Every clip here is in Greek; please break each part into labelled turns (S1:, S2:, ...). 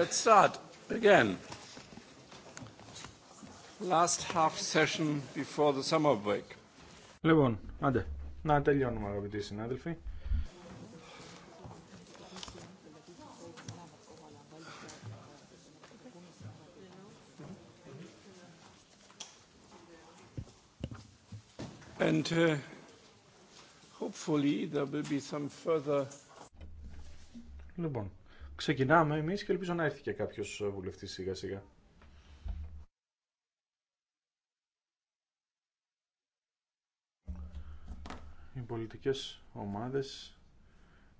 S1: Let's start again. Last half session before the summer break.
S2: Λοιπόν, άντε, να τελειώνουμε αγαπητοί συνάδελφοι. And uh, hopefully there will be some further Λοιπόν, ξεκινάμε εμείς και ελπίζω να έρθει και κάποιος βουλευτής σιγά σιγά. Οι πολιτικές ομάδες,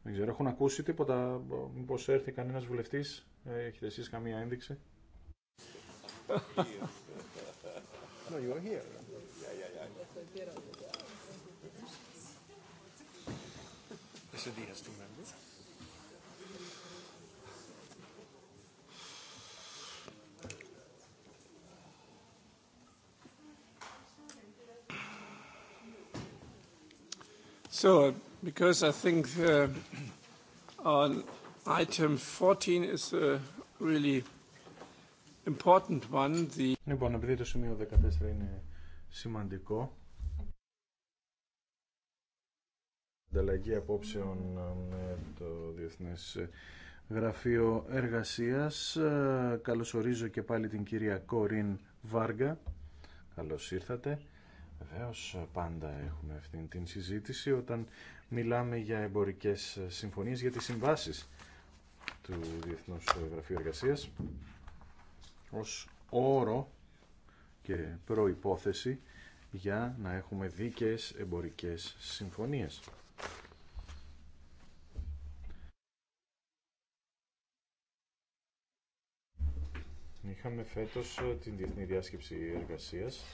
S2: δεν ξέρω, έχουν ακούσει τίποτα, μήπως έρθει κανένας βουλευτής, ε, έχετε εσεί καμία ένδειξη.
S1: no, you are here. Yeah, yeah, yeah. So, because I think on item 14
S2: Λοιπόν, επειδή το σημείο 14 είναι σημαντικό, ανταλλαγή απόψεων ε, με το Διεθνές Γραφείο Εργασίας. Ε, καλωσορίζω και πάλι την κυρία Κορίν Βάργα. Καλώς ήρθατε. Βεβαίω πάντα έχουμε αυτήν την συζήτηση όταν μιλάμε για εμπορικές συμφωνίες, για τι συμβάσεις του Διεθνούς Γραφείου Εργασίας ως όρο και προϋπόθεση για να έχουμε δίκαιες εμπορικές συμφωνίες. Είχαμε φέτος την Διεθνή Διάσκεψη Εργασίας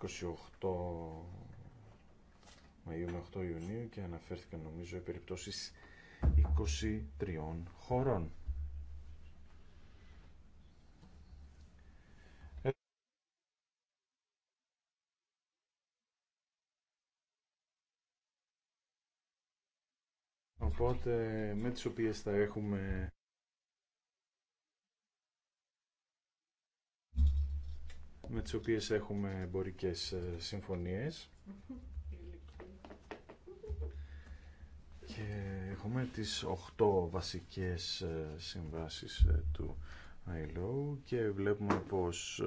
S2: 28 Μαΐου με 8 Ιουνίου και αναφέρθηκαν νομίζω οι περιπτώσεις 23 χωρών. Οπότε με τις οποίες θα έχουμε με τις οποίες έχουμε εμπορικές ε, συμφωνίες και έχουμε τις 8 βασικές ε, συμβάσεις ε, του ILO και βλέπουμε πως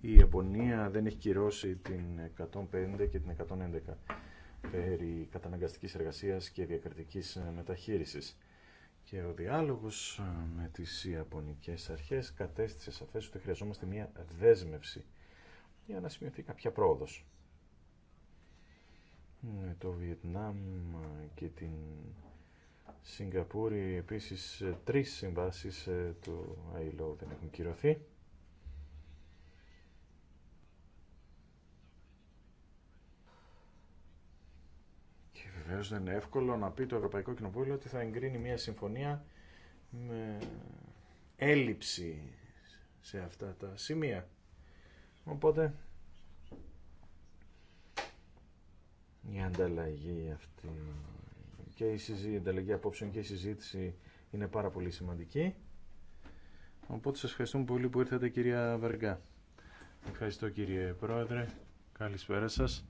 S2: η Ιαπωνία δεν έχει κυρώσει την 105 και την 111 περί καταναγκαστικής εργασίας και διακριτικής μεταχείρισης και ο διάλογος ε, με τις Ιαπωνικές αρχές κατέστησε σαφές ότι χρειαζόμαστε μια δέσμευση για να σημειωθεί κάποια πρόοδος. Με το Βιετνάμ και την Σιγκαπούρη επίσης τρεις συμβάσεις ε, του ΑΙΛΟ δεν έχουν κυρωθεί. Βεβαίω δεν είναι εύκολο να πει το Ευρωπαϊκό Κοινοβούλιο ότι θα εγκρίνει μια συμφωνία με έλλειψη σε αυτά τα σημεία. Οπότε η ανταλλαγή αυτή και η, συζή, η ανταλλαγή απόψεων και η συζήτηση είναι πάρα πολύ σημαντική. Οπότε σας ευχαριστούμε πολύ που ήρθατε κυρία Βεργά. Ευχαριστώ κύριε Πρόεδρε. Καλησπέρα σας.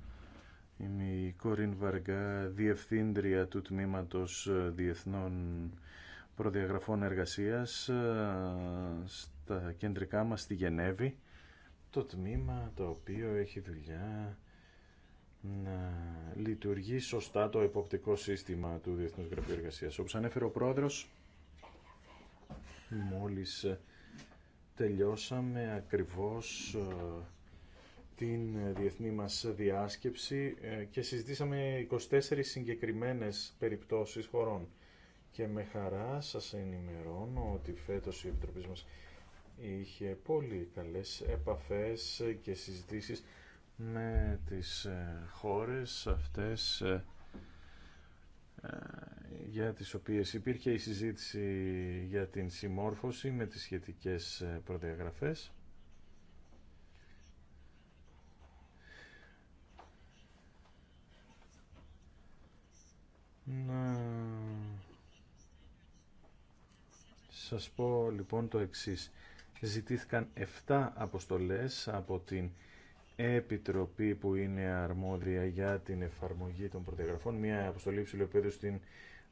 S2: Είμαι η Κορίν Βαργά, Διευθύντρια του Τμήματος ε, Διεθνών Προδιαγραφών Εργασίας ε, στα κεντρικά μας στη Γενέβη. Το τμήμα το οποίο έχει δουλειά να λειτουργεί σωστά το εποπτικό σύστημα του Διεθνούς Γραφείου Εργασίας. Όπως ανέφερε ο Πρόεδρος, μόλις τελειώσαμε ακριβώς ε, την ε, διεθνή μας διάσκεψη ε, και συζητήσαμε 24 συγκεκριμένες περιπτώσεις χωρών. Και με χαρά σας ενημερώνω ότι φέτος η Επιτροπή μας είχε πολύ καλές επαφές και συζητήσεις με τις ε, χώρες αυτές για τις οποίες υπήρχε η συζήτηση για την συμμόρφωση με τις σχετικές προδιαγραφές Να σας πω λοιπόν το εξής. Ζητήθηκαν 7 αποστολές από την Επιτροπή που είναι αρμόδια για την εφαρμογή των προδιαγραφών, μια αποστολή ψηλοπέδου στην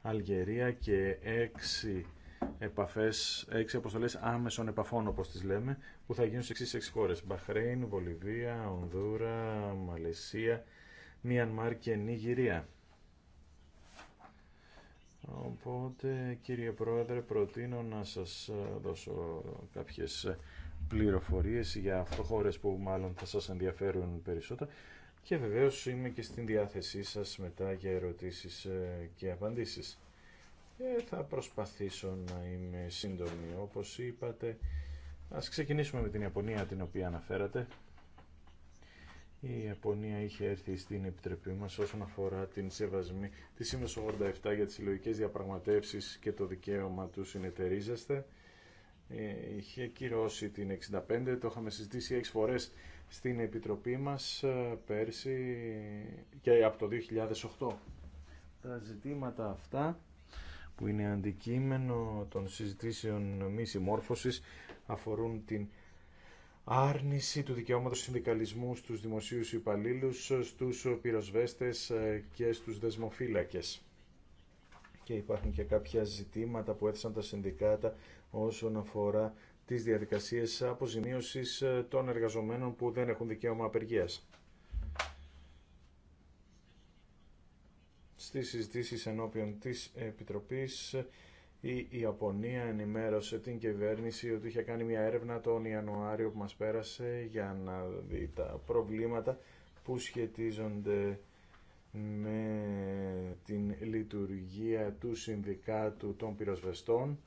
S2: Αλγερία και 6 επαφές, έξι αποστολές άμεσων επαφών όπως τις λέμε, που θα γίνουν σε 6 έξι χώρες. Μπαχρέιν, Βολιβία, Ονδούρα, Μαλαισία, Μιανμάρ και Νιγηρία. Οπότε, κύριε Πρόεδρε, προτείνω να σας ε, δώσω κάποιες ε, πληροφορίες για χώρες που μάλλον θα σας ενδιαφέρουν περισσότερο και βεβαίως είμαι και στην διάθεσή σας μετά για ερωτήσεις ε, και απαντήσεις. Και θα προσπαθήσω να είμαι σύντομη. Όπως είπατε, ας ξεκινήσουμε με την Ιαπωνία την οποία αναφέρατε η Ιαπωνία είχε έρθει στην επιτροπή μας όσον αφορά την σεβασμή τη ΣΥΜΕΣ 87 για τις συλλογικέ διαπραγματεύσεις και το δικαίωμα του συνεταιρίζεστε. Ε, είχε κυρώσει την 65, το είχαμε συζητήσει 6 φορές στην επιτροπή μας ε, πέρσι και από το 2008. Τα ζητήματα αυτά που είναι αντικείμενο των συζητήσεων μη συμμόρφωσης αφορούν την άρνηση του δικαιώματος συνδικαλισμού στους δημοσίους υπαλλήλους, στους πυροσβέστες ε, και στους δεσμοφύλακες. Και υπάρχουν και κάποια ζητήματα που έθεσαν τα συνδικάτα όσον αφορά τις διαδικασίες αποζημίωσης ε, των εργαζομένων που δεν έχουν δικαίωμα απεργίας. Στις συζητήσεις ενώπιον της Επιτροπής η Ιαπωνία ενημέρωσε την κυβέρνηση ότι είχε κάνει μια έρευνα τον Ιανουάριο που μας πέρασε για να δει τα προβλήματα που σχετίζονται με την λειτουργία του Συνδικάτου των Πυροσβεστών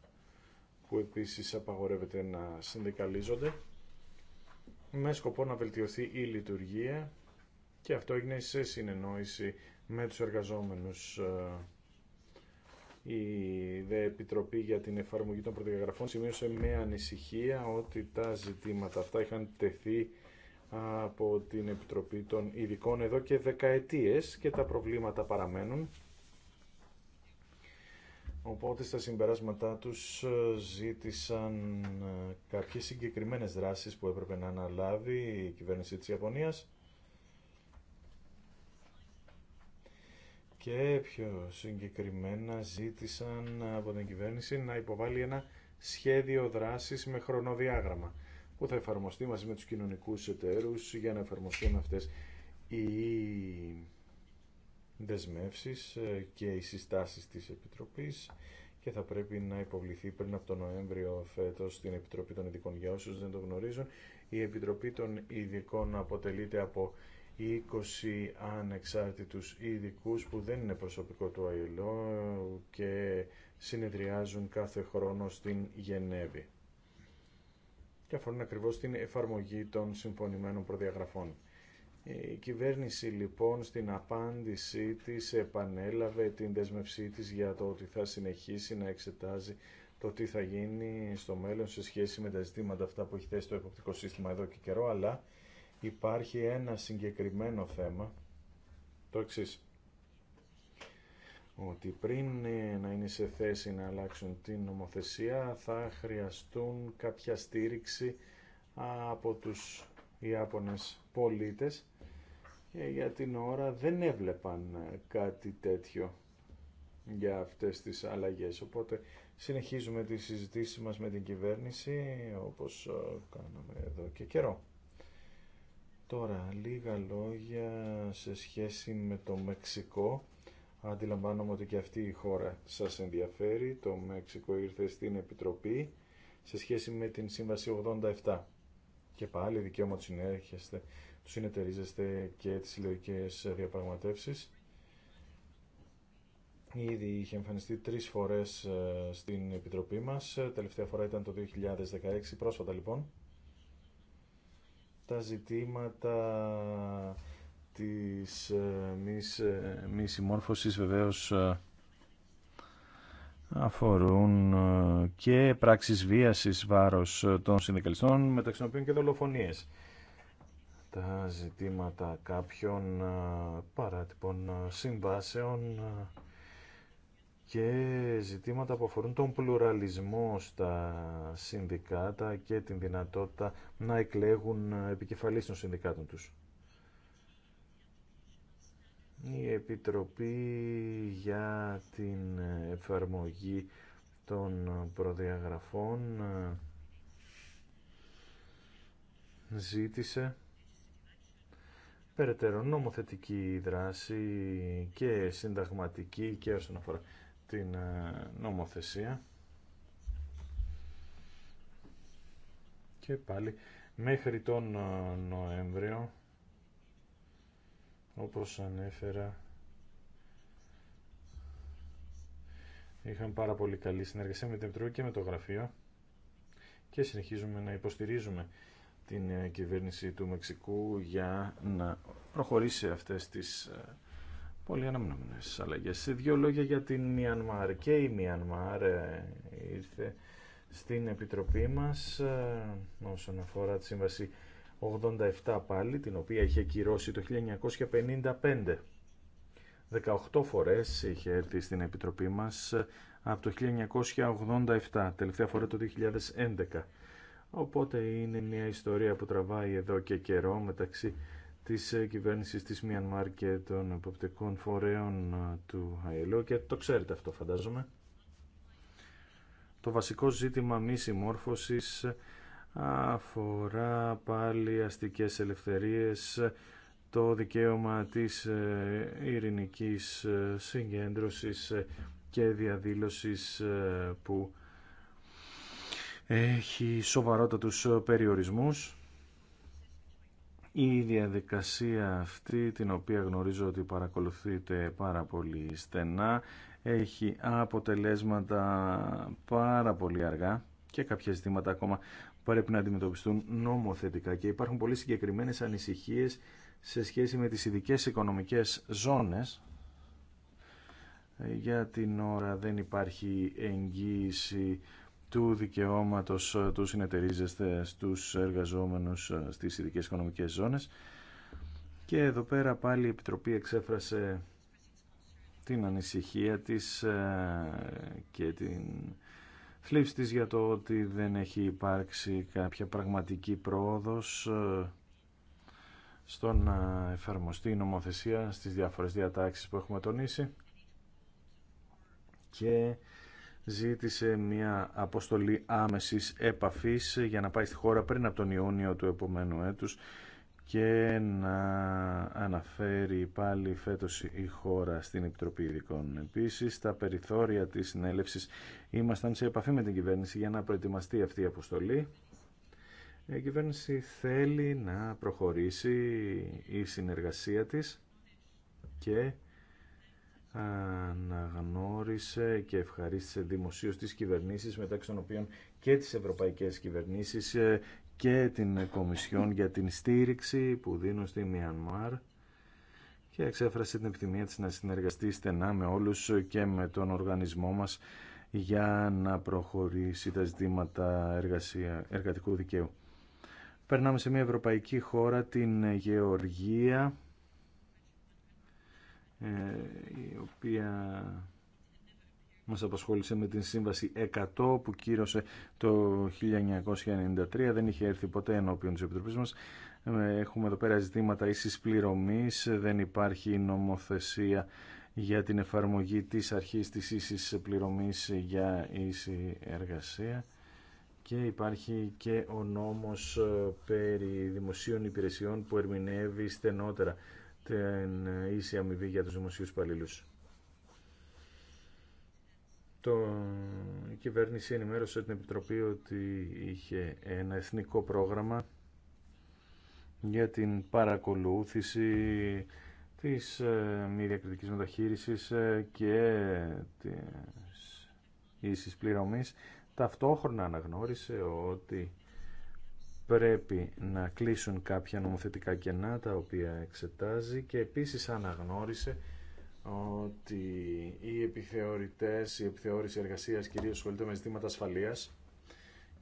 S2: που επίσης απαγορεύεται να συνδικαλίζονται με σκοπό να βελτιωθεί η λειτουργία και αυτό έγινε σε συνεννόηση με τους εργαζόμενους ε, η ΔΕ Επιτροπή για την Εφαρμογή των Πρωτογραφών σημείωσε με ανησυχία ότι τα ζητήματα αυτά είχαν τεθεί από την Επιτροπή των Ειδικών εδώ και δεκαετίες και τα προβλήματα παραμένουν. Οπότε στα συμπεράσματά τους ε, ζήτησαν ε, κάποιες συγκεκριμένες δράσεις που έπρεπε να αναλάβει η κυβέρνηση της Ιαπωνίας και πιο συγκεκριμένα ζήτησαν από την κυβέρνηση να υποβάλει ένα σχέδιο δράσης με χρονοδιάγραμμα που θα εφαρμοστεί μαζί με τους κοινωνικούς εταίρους για να εφαρμοστούν αυτές οι δεσμεύσεις ε, και οι συστάσεις της Επιτροπής και θα πρέπει να υποβληθεί πριν από τον Νοέμβριο φέτος στην Επιτροπή των Ειδικών για όσους δεν το γνωρίζουν. Η Επιτροπή των Ειδικών αποτελείται από 20 ανεξάρτητους ειδικού που δεν είναι προσωπικό του ΑΕΛΟ και συνεδριάζουν κάθε χρόνο στην Γενέβη και αφορούν ακριβώς την εφαρμογή των συμφωνημένων προδιαγραφών. Η κυβέρνηση λοιπόν στην απάντησή της επανέλαβε την δέσμευσή της για το ότι θα συνεχίσει να εξετάζει το τι θα γίνει στο μέλλον σε σχέση με τα ζητήματα αυτά που έχει θέσει το εποπτικό σύστημα εδώ και καιρό, αλλά υπάρχει ένα συγκεκριμένο θέμα, το εξή Ότι πριν ε, να είναι σε θέση να αλλάξουν την νομοθεσία θα χρειαστούν κάποια στήριξη από τους Ιάπωνες πολίτες και ε, για την ώρα δεν έβλεπαν ε, κάτι τέτοιο για αυτές τις αλλαγές. Οπότε συνεχίζουμε τις συζητήσεις μας με την κυβέρνηση όπως κάναμε εδώ και καιρό. Τώρα, λίγα λόγια σε σχέση με το Μεξικό. Αντιλαμβάνομαι ότι και αυτή η χώρα σας ενδιαφέρει. Το Μεξικό ήρθε στην Επιτροπή σε σχέση με την Σύμβαση 87. Και πάλι δικαίωμα του συνέρχεστε, του συνεταιρίζεστε και τις συλλογικέ διαπραγματεύσεις. Ήδη είχε εμφανιστεί τρεις φορές ε, στην Επιτροπή μας. Τελευταία φορά ήταν το 2016, πρόσφατα λοιπόν τα ζητήματα της ε, μη ε, συμμόρφωσης βεβαίως ε, αφορούν και πράξεις βίασης βάρος των συνδικαλιστών μεταξύ των οποίων και δολοφονίες. Τα ζητήματα κάποιων παράτυπων συμβάσεων και ζητήματα που αφορούν τον πλουραλισμό στα συνδικάτα και την δυνατότητα να εκλέγουν επικεφαλής των συνδικάτων τους. Η Επιτροπή για την εφαρμογή των προδιαγραφών ε, ζήτησε περαιτέρω νομοθετική δράση και συνταγματική και όσον αφορά την ε, νομοθεσία και πάλι μέχρι τον ε, Νοέμβριο όπως ανέφερα είχαμε πάρα πολύ καλή συνεργασία με την Επιτροπή και με το Γραφείο και συνεχίζουμε να υποστηρίζουμε την ε, κυβέρνηση του Μεξικού για να προχωρήσει αυτές τις πολύ αναμενόμενες αλλαγέ. Σε δύο λόγια για την Μιανμάρ. Και η Μιανμάρ ε, ήρθε στην Επιτροπή μας ε, όσον αφορά τη Σύμβαση 87 πάλι, την οποία είχε κυρώσει το 1955. 18 φορές είχε έρθει στην Επιτροπή μας ε, από το 1987, τελευταία φορά το 2011. Οπότε είναι μια ιστορία που τραβάει εδώ και καιρό μεταξύ της ε, κυβέρνησης της Μιανμάρ και των εποπτικών φορέων ε, του ΑΕΛΟ και το ξέρετε αυτό φαντάζομαι. Το βασικό ζήτημα μη συμμόρφωσης ε, αφορά πάλι αστικές ελευθερίες, το δικαίωμα της ειρηνικής συγκέντρωσης και διαδήλωσης που έχει σοβαρότατους περιορισμούς η διαδικασία αυτή, την οποία γνωρίζω ότι παρακολουθείτε πάρα πολύ στενά, έχει αποτελέσματα πάρα πολύ αργά και κάποια ζητήματα ακόμα πρέπει να αντιμετωπιστούν νομοθετικά και υπάρχουν πολύ συγκεκριμένες ανησυχίες σε σχέση με τις ειδικέ οικονομικές ζώνες. Ε, για την ώρα δεν υπάρχει εγγύηση του δικαιώματος ε, του συνεταιρίζεστε στους εργαζόμενους ε, στις ειδικές οικονομικές ζώνες. Και εδώ πέρα πάλι η Επιτροπή εξέφρασε την ανησυχία της ε, και την θλίψη της για το ότι δεν έχει υπάρξει κάποια πραγματική πρόοδος στο να εφαρμοστεί η νομοθεσία στις διάφορες διατάξεις που έχουμε τονίσει και ζήτησε μια αποστολή άμεσης επαφής για να πάει στη χώρα πριν από τον Ιούνιο του επόμενου έτους και να αναφέρει πάλι φέτος η χώρα στην Επιτροπή Ειδικών. Επίσης, τα περιθώρια της συνέλευσης ήμασταν σε επαφή με την κυβέρνηση για να προετοιμαστεί αυτή η αποστολή. Η κυβέρνηση θέλει να προχωρήσει η συνεργασία της και αναγνώρισε και ευχαρίστησε δημοσίως τις κυβερνήσεις μεταξύ των οποίων και τις ευρωπαϊκές κυβερνήσεις ε, και την Κομισιόν για την στήριξη που δίνουν στη Μιανμάρ και εξέφρασε την επιθυμία της να συνεργαστεί στενά με όλους και με τον οργανισμό μας για να προχωρήσει τα ζητήματα εργατικού δικαίου. Περνάμε σε μια ευρωπαϊκή χώρα, την Γεωργία ε, η οποία μας απασχόλησε με την σύμβαση 100 που κύρωσε το 1993 δεν είχε έρθει ποτέ ενώπιον της Επιτροπής μας ε, έχουμε εδώ πέρα ζητήματα ίσης πληρωμής δεν υπάρχει νομοθεσία για την εφαρμογή της αρχής της ίσης πληρωμής για ίση εργασία και υπάρχει και ο νόμος ε, περί δημοσίων υπηρεσιών που ερμηνεύει στενότερα την ίση αμοιβή για τους δημοσίους υπαλλήλους. Το, η κυβέρνηση ενημέρωσε την Επιτροπή ότι είχε ένα εθνικό πρόγραμμα για την παρακολούθηση της ε, μη διακριτικής μεταχείρισης ε, και της ίσης πληρωμής. Ταυτόχρονα αναγνώρισε ότι πρέπει να κλείσουν κάποια νομοθετικά κενά τα οποία εξετάζει και επίσης αναγνώρισε ότι οι επιθεωρητές, η επιθεώρηση εργασίας κυρίως ασχολείται με ζητήματα ασφαλείας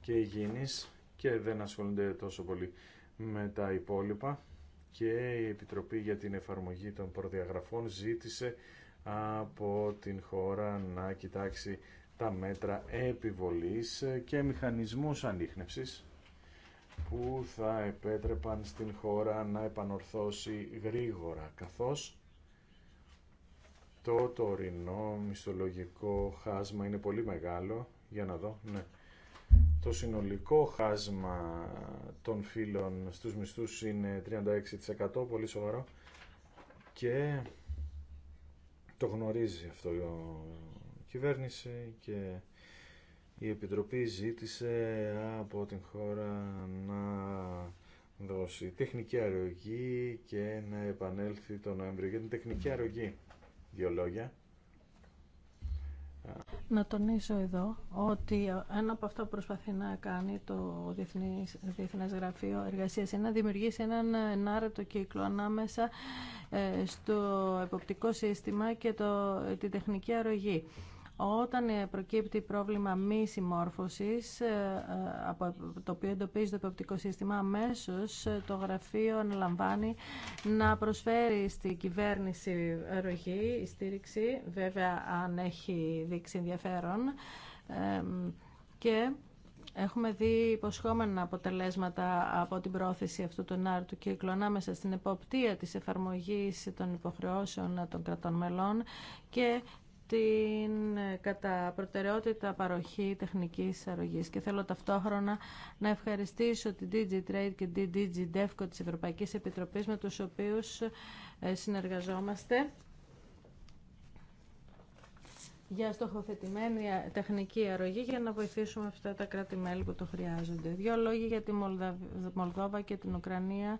S2: και υγιεινής και δεν ασχολούνται τόσο πολύ με τα υπόλοιπα και η Επιτροπή για την Εφαρμογή των Προδιαγραφών ζήτησε από την χώρα να κοιτάξει τα μέτρα επιβολής και μηχανισμούς ανείχνευσης που θα επέτρεπαν στην χώρα να επανορθώσει γρήγορα, καθώς το τωρινό μισθολογικό χάσμα είναι πολύ μεγάλο, για να δω, ναι. Το συνολικό χάσμα των φύλων στους μισθούς είναι 36%, πολύ σοβαρό, και το γνωρίζει αυτό η κυβέρνηση και η Επιτροπή ζήτησε από την χώρα να δώσει τεχνική αρρωγή και να επανέλθει τον Νοέμβριο για την τεχνική αρρωγή. Δύο λόγια.
S3: Να τονίσω εδώ ότι ένα από αυτά που προσπαθεί να κάνει το Διεθνής, Διεθνές Γραφείο Εργασίας είναι να δημιουργήσει έναν ενάρετο κύκλο ανάμεσα ε, στο εποπτικό σύστημα και το, την τεχνική αρρωγή. Όταν ε, προκύπτει πρόβλημα μη συμμόρφωσης, ε, ε, το οποίο εντοπίζει το υποπτικό σύστημα, αμέσως το γραφείο αναλαμβάνει να προσφέρει στη κυβέρνηση ροχή, στήριξη, βέβαια αν έχει δείξει ενδιαφέρον, και Έχουμε δει υποσχόμενα αποτελέσματα από την πρόθεση αυτού του νάρτου κύκλου ανάμεσα στην εποπτεία της εφαρμογής των υποχρεώσεων των κρατών μελών και την κατά προτεραιότητα παροχή τεχνικής αρρωγής. Και θέλω ταυτόχρονα να ευχαριστήσω την Trade και την DigiDevco της Ευρωπαϊκής Επιτροπής με τους οποίους ε, συνεργαζόμαστε για στοχοθετημένη ε, τεχνική αρρωγή για να βοηθήσουμε αυτά τα κράτη-μέλη που το χρειάζονται. Δύο λόγοι για τη Μολδόβα και την Ουκρανία.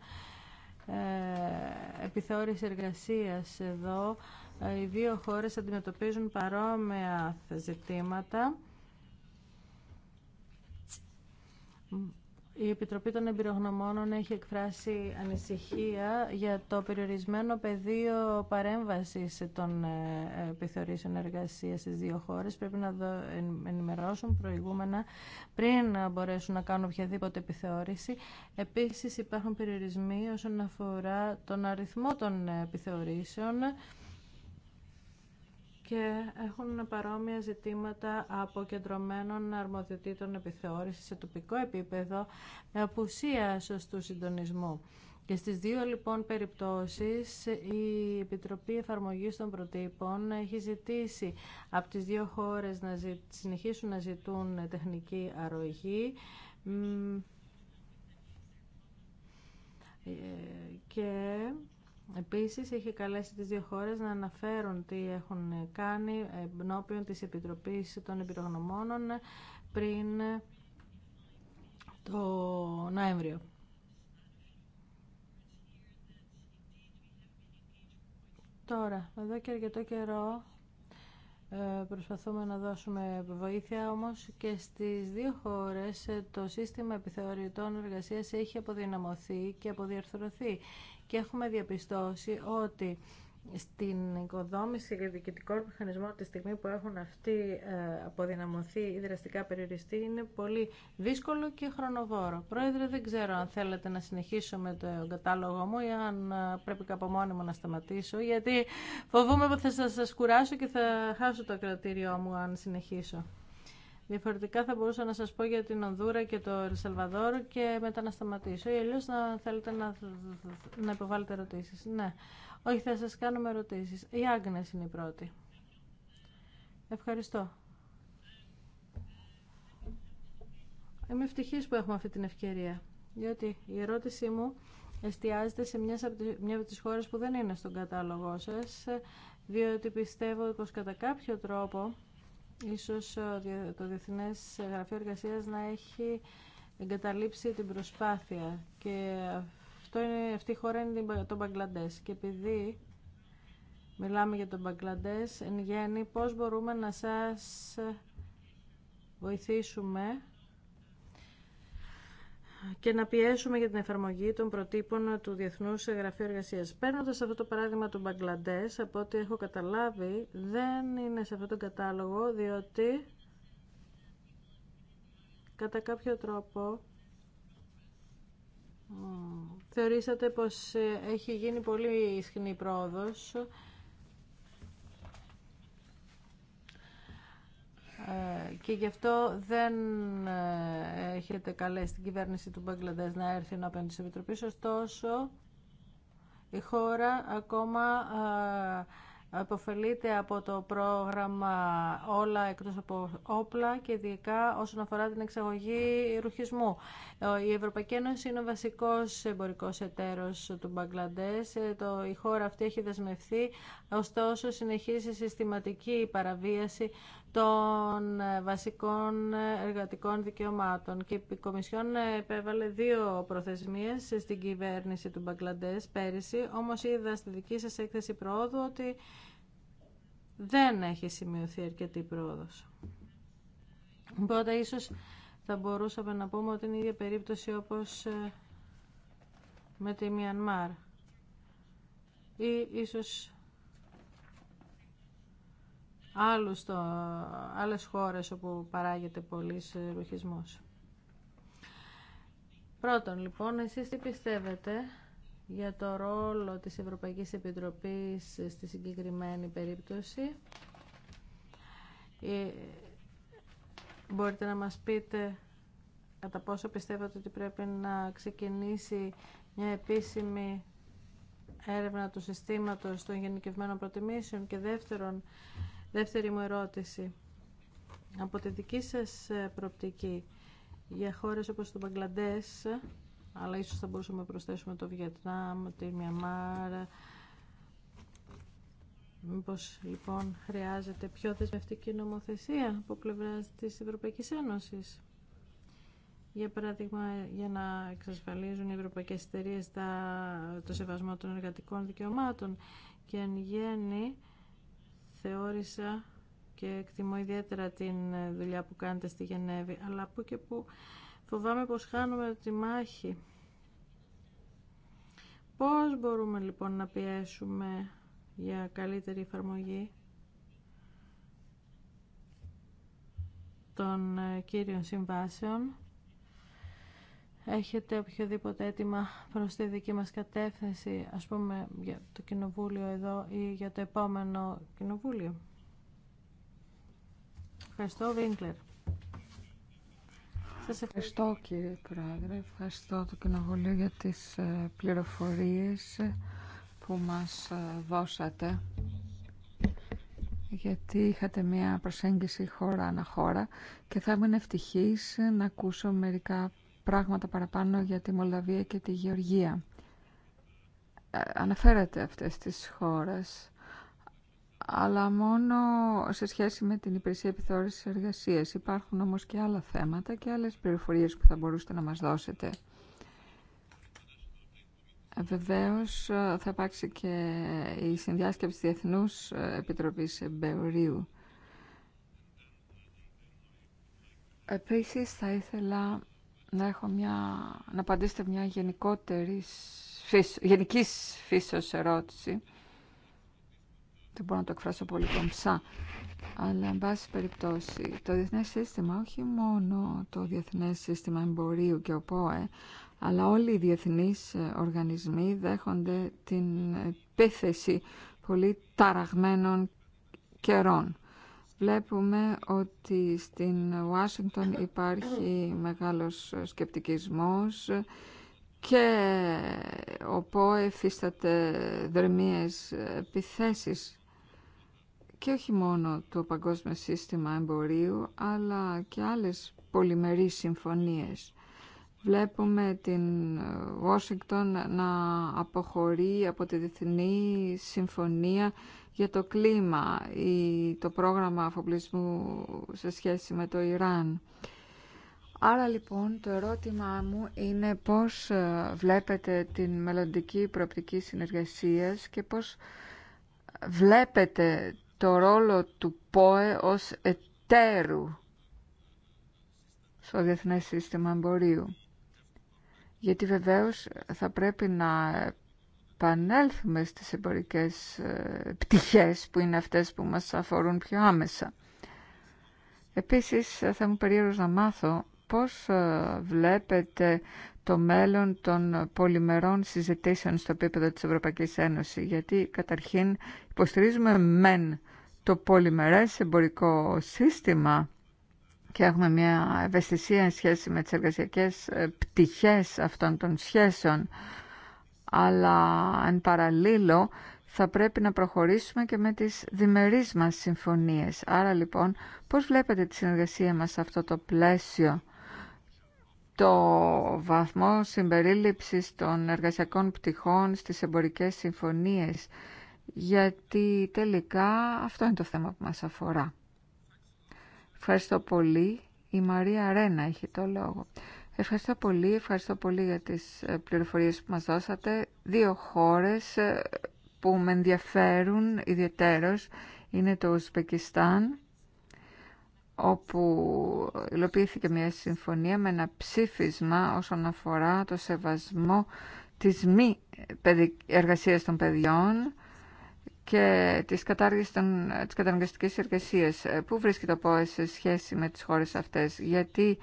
S3: Ε, επιθεώρηση εργασίας εδώ ε, οι δύο χώρες αντιμετωπίζουν παρόμοια ζητήματα. Η Επιτροπή των Εμπειρογνωμόνων έχει εκφράσει ανησυχία για το περιορισμένο πεδίο παρέμβασης των ε, επιθεωρήσεων εργασίας στις δύο χώρες. Πρέπει να ενημερώσουν προηγούμενα πριν να μπορέσουν να κάνουν οποιαδήποτε επιθεώρηση. Επίσης υπάρχουν περιορισμοί όσον αφορά τον αριθμό των επιθεωρήσεων και έχουν παρόμοια ζητήματα αποκεντρωμένων αρμοδιοτήτων επιθεώρησης σε τοπικό επίπεδο με απουσία σωστού συντονισμού. Και στις δύο λοιπόν περιπτώσεις η Επιτροπή Εφαρμογής των Προτύπων έχει ζητήσει από τις δύο χώρες να συνεχίσουν να ζητούν τεχνική αρρωγή ε, και Επίσης, είχε καλέσει τις δύο χώρες να αναφέρουν τι έχουν κάνει ενώπιον της Επιτροπής των Επιρογνωμόνων πριν το Νοέμβριο. Τώρα, εδώ και αρκετό καιρό ε, προσπαθούμε να δώσουμε βοήθεια όμως και στις δύο χώρες ε, το σύστημα επιθεωρητών εργασίας έχει αποδυναμωθεί και αποδιαρθρωθεί και έχουμε διαπιστώσει ότι στην οικοδόμηση διοικητικών μηχανισμών τη στιγμή που έχουν αυτοί ε, αποδυναμωθεί ή δραστικά περιοριστεί είναι πολύ δύσκολο και χρονοβόρο. Πρόεδρε, δεν ξέρω αν θέλετε να συνεχίσω με το κατάλογο μου ή αν ε, πρέπει κάπου μόνη να σταματήσω, γιατί φοβούμαι ότι θα σας κουράσω και θα χάσω το κρατήριό μου αν συνεχίσω. Διαφορετικά θα μπορούσα να σας πω για την Ονδούρα και το Ελσαλβαδόρ και μετά να σταματήσω. Ή αλλιώς να θέλετε να, να υποβάλλετε ερωτήσεις. Ναι. Όχι, θα σας κάνουμε ερωτήσεις. Η Άγνες είναι η πρώτη. Ευχαριστώ. Είμαι ευτυχής που έχουμε αυτή την ευκαιρία. Διότι η ερώτησή μου εστιάζεται σε μια από τις χώρες που δεν είναι στον κατάλογό σας, διότι πιστεύω πως κατά κάποιο τρόπο Ίσως ε, το Διεθνές Γραφείο Εργασίας να έχει εγκαταλείψει την προσπάθεια και αυτό είναι, αυτή η χώρα είναι το Μπαγκλαντές και επειδή μιλάμε για το Μπαγκλαντές εν γέννη πώς μπορούμε να σας βοηθήσουμε και να πιέσουμε για την εφαρμογή των προτύπων του Διεθνούς Γραφείου Εργασία. Παίρνοντα αυτό το παράδειγμα του Μπαγκλαντέ, από ό,τι έχω καταλάβει, δεν είναι σε αυτόν τον κατάλογο, διότι κατά κάποιο τρόπο θεωρήσατε πως ε, έχει γίνει πολύ ισχυρή πρόοδος Ε, και γι' αυτό δεν ε, έχετε καλέσει την κυβέρνηση του Μπαγκλαντές να έρθει να απέναντι στην Επιτροπή. Ωστόσο, η χώρα ακόμα ε, αποφελείται από το πρόγραμμα όλα εκτός από όπλα και ειδικά όσον αφορά την εξαγωγή ρουχισμού. Η Ευρωπαϊκή Ένωση είναι ο βασικός εμπορικός εταίρος του Μπαγκλαντές. Το, η χώρα αυτή έχει δεσμευθεί, ωστόσο συνεχίζει συστηματική παραβίαση των ε, βασικών ε, εργατικών δικαιωμάτων και η Κομισιόν ε, επέβαλε δύο προθεσμίες στην κυβέρνηση του Μπαγκλαντές πέρυσι, όμως είδα στη δική σας έκθεση προόδου ότι δεν έχει σημειωθεί αρκετή πρόοδος. Οπότε ίσως θα μπορούσαμε να πούμε ότι είναι η ίδια περίπτωση όπως με τη Μιανμάρ ή ίσως άλλους το, άλλες χώρες όπου παράγεται πολύ ρουχισμός. Πρώτον, λοιπόν, εσείς τι πιστεύετε για το ρόλο της Ευρωπαϊκής Επιτροπής στη συγκεκριμένη περίπτωση. Ε, μπορείτε να μας πείτε κατά πόσο πιστεύετε ότι πρέπει να ξεκινήσει μια επίσημη έρευνα του συστήματος των γενικευμένων προτιμήσεων και δεύτερον, Δεύτερη μου ερώτηση. Από τη δική σας ε, προοπτική για χώρες όπως το Μπαγκλαντές, αλλά ίσως θα μπορούσαμε να προσθέσουμε το Βιετνάμ, τη Μιαμάρα, μήπως λοιπόν χρειάζεται πιο δεσμευτική νομοθεσία από πλευρά της Ευρωπαϊκής Ένωσης. Για παράδειγμα, για να εξασφαλίζουν οι ευρωπαϊκές εταιρείε το σεβασμό των εργατικών δικαιωμάτων και εν γέννη θεώρησα και εκτιμώ ιδιαίτερα την ε, δουλειά που κάνετε στη Γενέβη, αλλά που και που φοβάμαι πως χάνουμε τη μάχη. Πώς μπορούμε λοιπόν να πιέσουμε για καλύτερη εφαρμογή των ε, κύριων συμβάσεων έχετε οποιοδήποτε αίτημα προς τη δική μας κατεύθυνση, ας πούμε για το κοινοβούλιο εδώ ή για το επόμενο κοινοβούλιο.
S1: Ευχαριστώ, Βίγκλερ. Σας ευχαριστώ κύριε Πρόεδρε, ευχαριστώ το Κοινοβουλίο για τις ε, πληροφορίες που μας ε, δώσατε γιατί είχατε μια προσέγγιση χώρα ανά χώρα και θα ήμουν ευτυχής να ακούσω μερικά πράγματα παραπάνω για τη Μολδαβία και τη Γεωργία. Ε, αναφέρατε αυτές τις χώρες, αλλά μόνο σε σχέση με την υπηρεσία επιθεώρησης εργασίας. Υπάρχουν όμως και άλλα θέματα και άλλες πληροφορίες που θα μπορούσατε να μας δώσετε. Ε, βεβαίως ε, θα υπάρξει και η συνδιάσκεψη Διεθνούς Επιτροπής Μπεωρίου. Επίσης θα ήθελα να, έχω μια, να απαντήσετε μια γενικότερη γενικής φύσεως ερώτηση. Δεν μπορώ να το εκφράσω πολύ κομψά. Αλλά, εν πάση περιπτώσει, το διεθνές σύστημα, όχι μόνο το διεθνές σύστημα εμπορίου και ο αλλά όλοι οι διεθνείς οργανισμοί δέχονται την επίθεση πολύ ταραγμένων καιρών. Βλέπουμε ότι στην Ουάσιγκτον υπάρχει μεγάλος σκεπτικισμός και ο ΠΟΕ εφίσταται δρεμίες επιθέσεις και όχι μόνο το Παγκόσμιο Σύστημα Εμπορίου αλλά και άλλες πολυμερείς συμφωνίες. Βλέπουμε την Ουάσιγκτον να αποχωρεί από τη Διεθνή Συμφωνία για το κλίμα ή το πρόγραμμα αφοπλισμού σε σχέση με το Ιράν. Άρα λοιπόν το ερώτημά μου είναι πώς ε, βλέπετε την μελλοντική προοπτική συνεργασίας και πώς βλέπετε το ρόλο του ΠΟΕ ως εταίρου στο Διεθνές Σύστημα Εμπορίου. Γιατί βεβαίως θα πρέπει να επανέλθουμε στις εμπορικές ε, πτυχές που είναι αυτές που μας αφορούν πιο άμεσα. Επίσης θα μου περίεργος να μάθω πώς ε, βλέπετε το μέλλον των πολυμερών συζητήσεων στο επίπεδο της Ευρωπαϊκής Ένωσης. Γιατί καταρχήν υποστηρίζουμε μεν το πολυμερές εμπορικό σύστημα και έχουμε μια ευαισθησία σχέση με τις εργασιακές ε, πτυχές αυτών των σχέσεων αλλά εν παραλίλω θα πρέπει να προχωρήσουμε και με τις διμερείς μας συμφωνίες. Άρα λοιπόν, πώς βλέπετε τη συνεργασία μας σε αυτό το πλαίσιο, το βαθμό συμπερίληψης των εργασιακών πτυχών στις εμπορικές συμφωνίες, γιατί τελικά αυτό είναι το θέμα που μας αφορά. Ευχαριστώ πολύ. Η Μαρία Ρένα έχει το λόγο. Ευχαριστώ πολύ, ευχαριστώ πολύ για τις ε, πληροφορίες που μας δώσατε. Δύο χώρες ε, που με ενδιαφέρουν ιδιαίτερως είναι το Ουσπεκιστάν, όπου υλοποιήθηκε μια συμφωνία με ένα ψήφισμα όσον αφορά το σεβασμό της μη εργασίας των παιδιών και της κατάργησης των, της καταναγκαστικής εργασίας. Ε, Πού βρίσκεται ο ΠΟΕ σε σχέση με τις χώρες αυτές, γιατί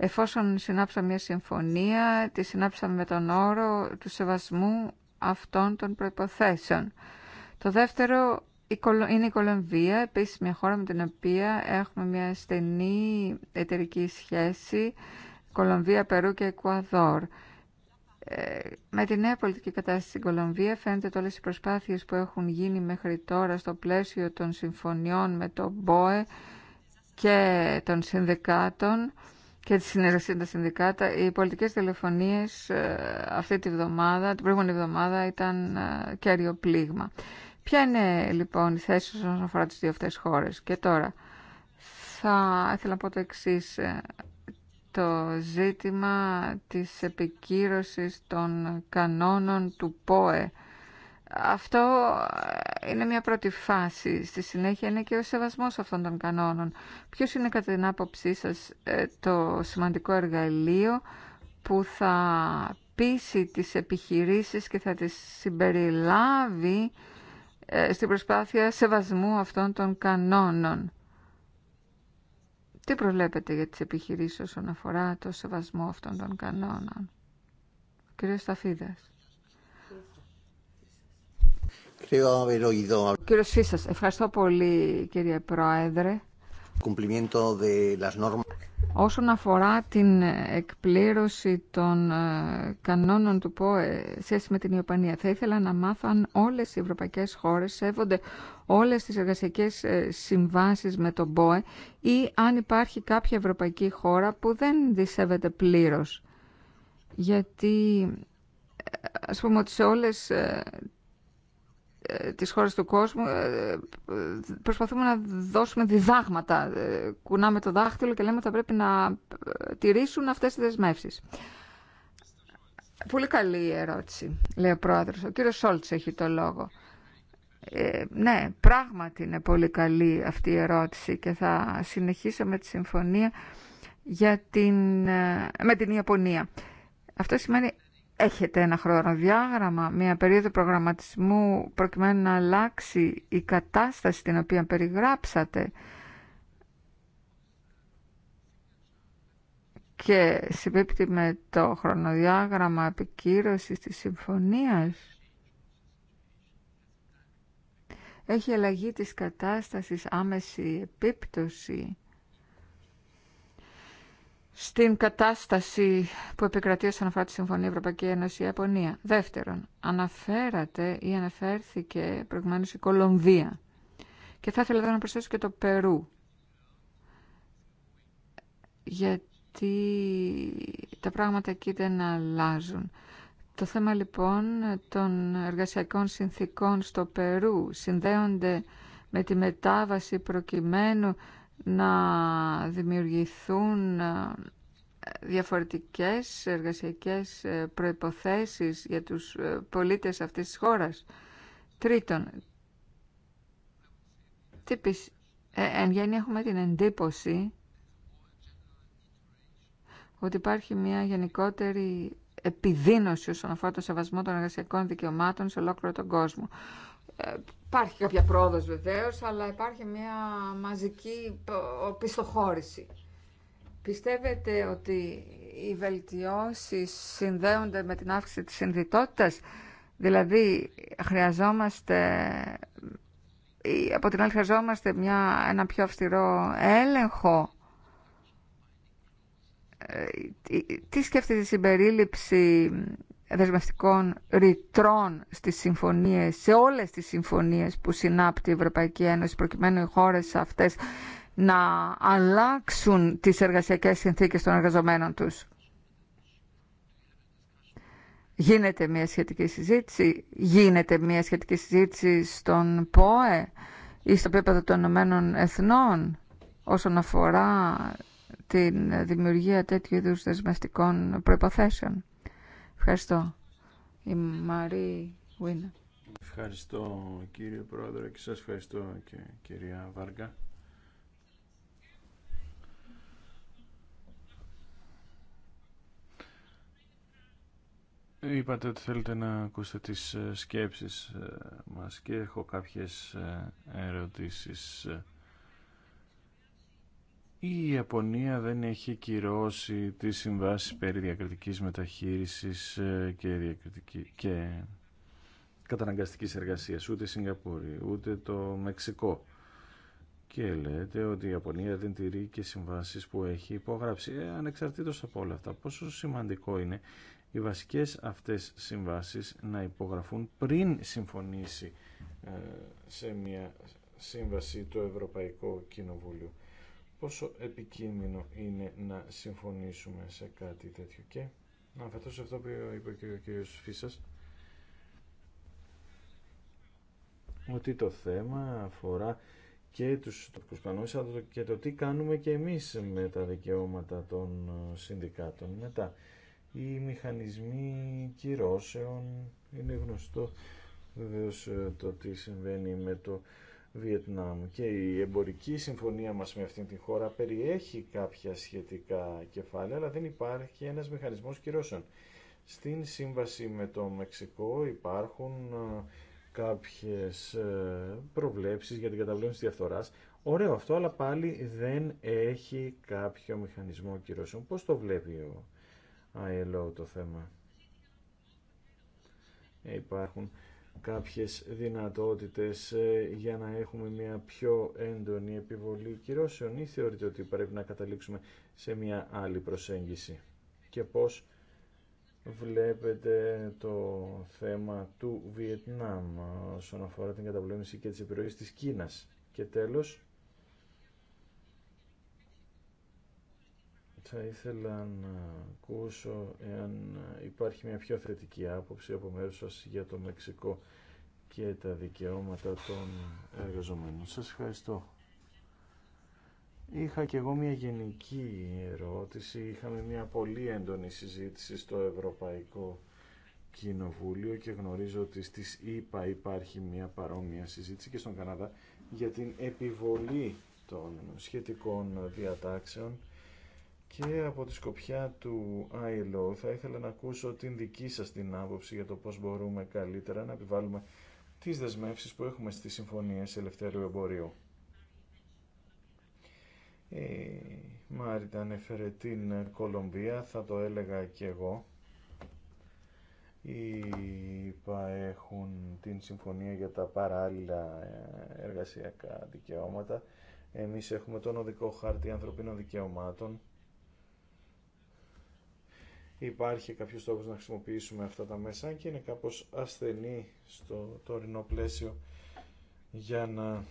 S1: Εφόσον συνάψαμε μια συμφωνία, τη συνάψαμε με τον όρο του σεβασμού αυτών των προϋποθέσεων. Το δεύτερο είναι η Κολομβία, επίσης μια χώρα με την οποία έχουμε μια στενή εταιρική σχέση, Κολομβία, Περού και Εκουαδόρ. Ε, με τη νέα πολιτική κατάσταση στην Κολομβία φαίνεται ότι όλες οι προσπάθειες που έχουν γίνει μέχρι τώρα στο πλαίσιο των συμφωνιών με τον ΜΠΟΕ και των συνδεκάτων και τη συνεργασία με τα συνδικάτα. Οι πολιτικέ τηλεφωνίε ε, αυτή τη βδομάδα, την προηγούμενη εβδομάδα ήταν ε, κέριο πλήγμα. Ποια είναι λοιπόν η θέση όσον αφορά τι δύο αυτές χώρες. Και τώρα θα ήθελα να πω το εξή ε, το ζήτημα της επικύρωσης των κανόνων του ΠΟΕ αυτό είναι μια πρώτη φάση. Στη συνέχεια είναι και ο σεβασμός αυτών των κανόνων. Ποιος είναι κατά την άποψή σας ε, το σημαντικό εργαλείο που θα πείσει τις επιχειρήσεις και θα τις συμπεριλάβει ε, στην προσπάθεια σεβασμού αυτών των κανόνων. Τι προβλέπετε για τις επιχειρήσεις όσον αφορά το σεβασμό αυτών των κανόνων. Κύριε Σταφίδας. Κύριο Φίσας, ευχαριστώ πολύ κύριε Πρόεδρε. Όσον αφορά την εκπλήρωση των ε, κανόνων του ΠΟΕ σχέση με την Ιωπανία, θα ήθελα να μάθω αν όλες οι ευρωπαϊκές χώρες σέβονται όλες τις εργασιακές ε, συμβάσεις με τον ΠΟΕ ή αν υπάρχει κάποια ευρωπαϊκή χώρα που δεν δισεύεται πλήρως. Γιατί ε, ας πούμε ότι σε όλες τις χώρες του κόσμου ε, προσπαθούμε να δώσουμε διδάγματα. Ε, κουνάμε το δάχτυλο και λέμε ότι θα πρέπει να ε, τηρήσουν αυτές τις δεσμεύσεις. Πολύ καλή ερώτηση, λέει ο πρόεδρος. Ο κύριος Σόλτς έχει το λόγο. Ε, ναι, πράγματι είναι πολύ καλή αυτή η ερώτηση και θα συνεχίσω με τη συμφωνία για την, με την Ιαπωνία. Αυτό σημαίνει έχετε ένα χρονοδιάγραμμα, μια περίοδο προγραμματισμού προκειμένου να αλλάξει η κατάσταση την οποία περιγράψατε και συμπίπτει με το χρονοδιάγραμμα επικύρωσης της συμφωνίας. Έχει αλλαγή της κατάστασης άμεση επίπτωση στην κατάσταση που επικρατεί όσον αφορά τη Συμφωνία Ευρωπαϊκή Ένωση Ιαπωνία. Δεύτερον, αναφέρατε ή αναφέρθηκε προηγουμένως η αναφερθηκε προηγουμενω η κολομβια Και θα ήθελα εδώ να προσθέσω και το Περού. Γιατί τα πράγματα εκεί δεν αλλάζουν. Το θέμα λοιπόν των εργασιακών συνθήκων στο Περού συνδέονται με τη μετάβαση προκειμένου να δημιουργηθούν ε, διαφορετικές εργασιακές ε, προϋποθέσεις για τους ε, πολίτες αυτής της χώρας. Τρίτον, τύπης, ε, εν γέννη έχουμε την εντύπωση ότι υπάρχει μια γενικότερη επιδείνωση όσον αφορά το σεβασμό των εργασιακών δικαιωμάτων σε ολόκληρο τον κόσμο. Υπάρχει κάποια πρόοδος βεβαίως, αλλά υπάρχει μια μαζική πιστοχώρηση. Πιστεύετε ότι οι βελτιώσεις συνδέονται με την αύξηση της συνδυτότητας, δηλαδή χρειαζόμαστε, από την άλλη χρειαζόμαστε μια, ένα πιο αυστηρό έλεγχο. Ε, τι σκέφτεται η συμπερίληψη δεσμευτικών ρητρών στις συμφωνίες, σε όλες τις συμφωνίες που συνάπτει η Ευρωπαϊκή Ένωση προκειμένου οι χώρες αυτές να αλλάξουν τις εργασιακές συνθήκες των εργαζομένων τους. Γίνεται μια σχετική συζήτηση, γίνεται μια σχετική συζήτηση στον ΠΟΕ ή στο πίπεδο των Ηνωμένων Εθνών όσον αφορά την δημιουργία τέτοιου είδους δεσμευτικών προϋποθέσεων. Ευχαριστώ. Η Μαρή Βίνα. Ευχαριστώ
S2: κύριε Πρόεδρε και σας ευχαριστώ και κυρία Βάργα. Είπατε ότι θέλετε να ακούσετε τις ε, σκέψεις ε, μας και έχω κάποιες ε, ερωτήσεις. Η Ιαπωνία δεν έχει κυρώσει τις συμβάσεις περί διακριτικής μεταχείρισης ε, και, διακριτική... και καταναγκαστικής εργασίας, ούτε η Σιγκαπούρη, ούτε το Μεξικό. Και λέτε ότι η Ιαπωνία δεν τηρεί και συμβάσεις που έχει υπογράψει, ε, ανεξαρτήτως από όλα αυτά. Πόσο σημαντικό είναι οι βασικές αυτές συμβάσεις να υπογραφούν πριν συμφωνήσει ε, σε μια σύμβαση το Ευρωπαϊκό Κοινοβούλιο πόσο επικίνδυνο είναι να συμφωνήσουμε σε κάτι τέτοιο. Και να αφαιτώ σε αυτό που είπε και ο κ. Φίσας, ότι το θέμα αφορά και τους τοπικούς αλλά και το τι κάνουμε και εμείς με τα δικαιώματα των ε, συνδικάτων. Μετά, οι μηχανισμοί κυρώσεων, είναι γνωστό βεβαίω ε, το τι συμβαίνει με το Βιετνάμ και η εμπορική συμφωνία μας με αυτήν την χώρα περιέχει κάποια σχετικά κεφάλαια αλλά δεν υπάρχει ένας μηχανισμός κυρώσεων. Στην σύμβαση με το Μεξικό υπάρχουν ε, κάποιες ε, προβλέψεις για την καταβλέψη διαφθοράς. Ωραίο αυτό, αλλά πάλι δεν έχει κάποιο μηχανισμό κυρώσεων. Πώς το βλέπει ο ΑΕΛΟ το θέμα. Ε, υπάρχουν κάποιες δυνατότητες ε, για να έχουμε μια πιο έντονη επιβολή κυρώσεων ή θεωρείτε ότι πρέπει να καταλήξουμε σε μια άλλη προσέγγιση και πώς βλέπετε το θέμα του Βιετνάμ ε, όσον αφορά την καταβλέμηση και της επιρροής της Κίνας και τέλος Θα ήθελα να ακούσω εάν υπάρχει μια πιο θετική άποψη από μέρους σας για το Μεξικό και τα δικαιώματα των εργαζομένων. Σας ευχαριστώ. Είχα και εγώ μια γενική ερώτηση. Είχαμε μια πολύ έντονη συζήτηση στο Ευρωπαϊκό Κοινοβούλιο και γνωρίζω ότι στις ΗΠΑ υπάρχει μια παρόμοια συζήτηση και στον Καναδά για την επιβολή των σχετικών διατάξεων και από τη σκοπιά του ILO θα ήθελα να ακούσω την δική σας την άποψη για το πώς μπορούμε καλύτερα να επιβάλλουμε τις δεσμεύσεις που έχουμε στις συμφωνίες ελευθέρου εμπορίου. Η Μάριτα ανέφερε την Κολομβία, θα το έλεγα και εγώ. Οι ΙΠΑ έχουν την συμφωνία για τα παράλληλα ε, εργασιακά δικαιώματα. Εμείς έχουμε τον οδικό χάρτη ανθρωπίνων δικαιωμάτων υπάρχει κάποιος τρόπος να χρησιμοποιήσουμε αυτά τα μέσα και είναι κάπως ασθενή στο τωρινό πλαίσιο για να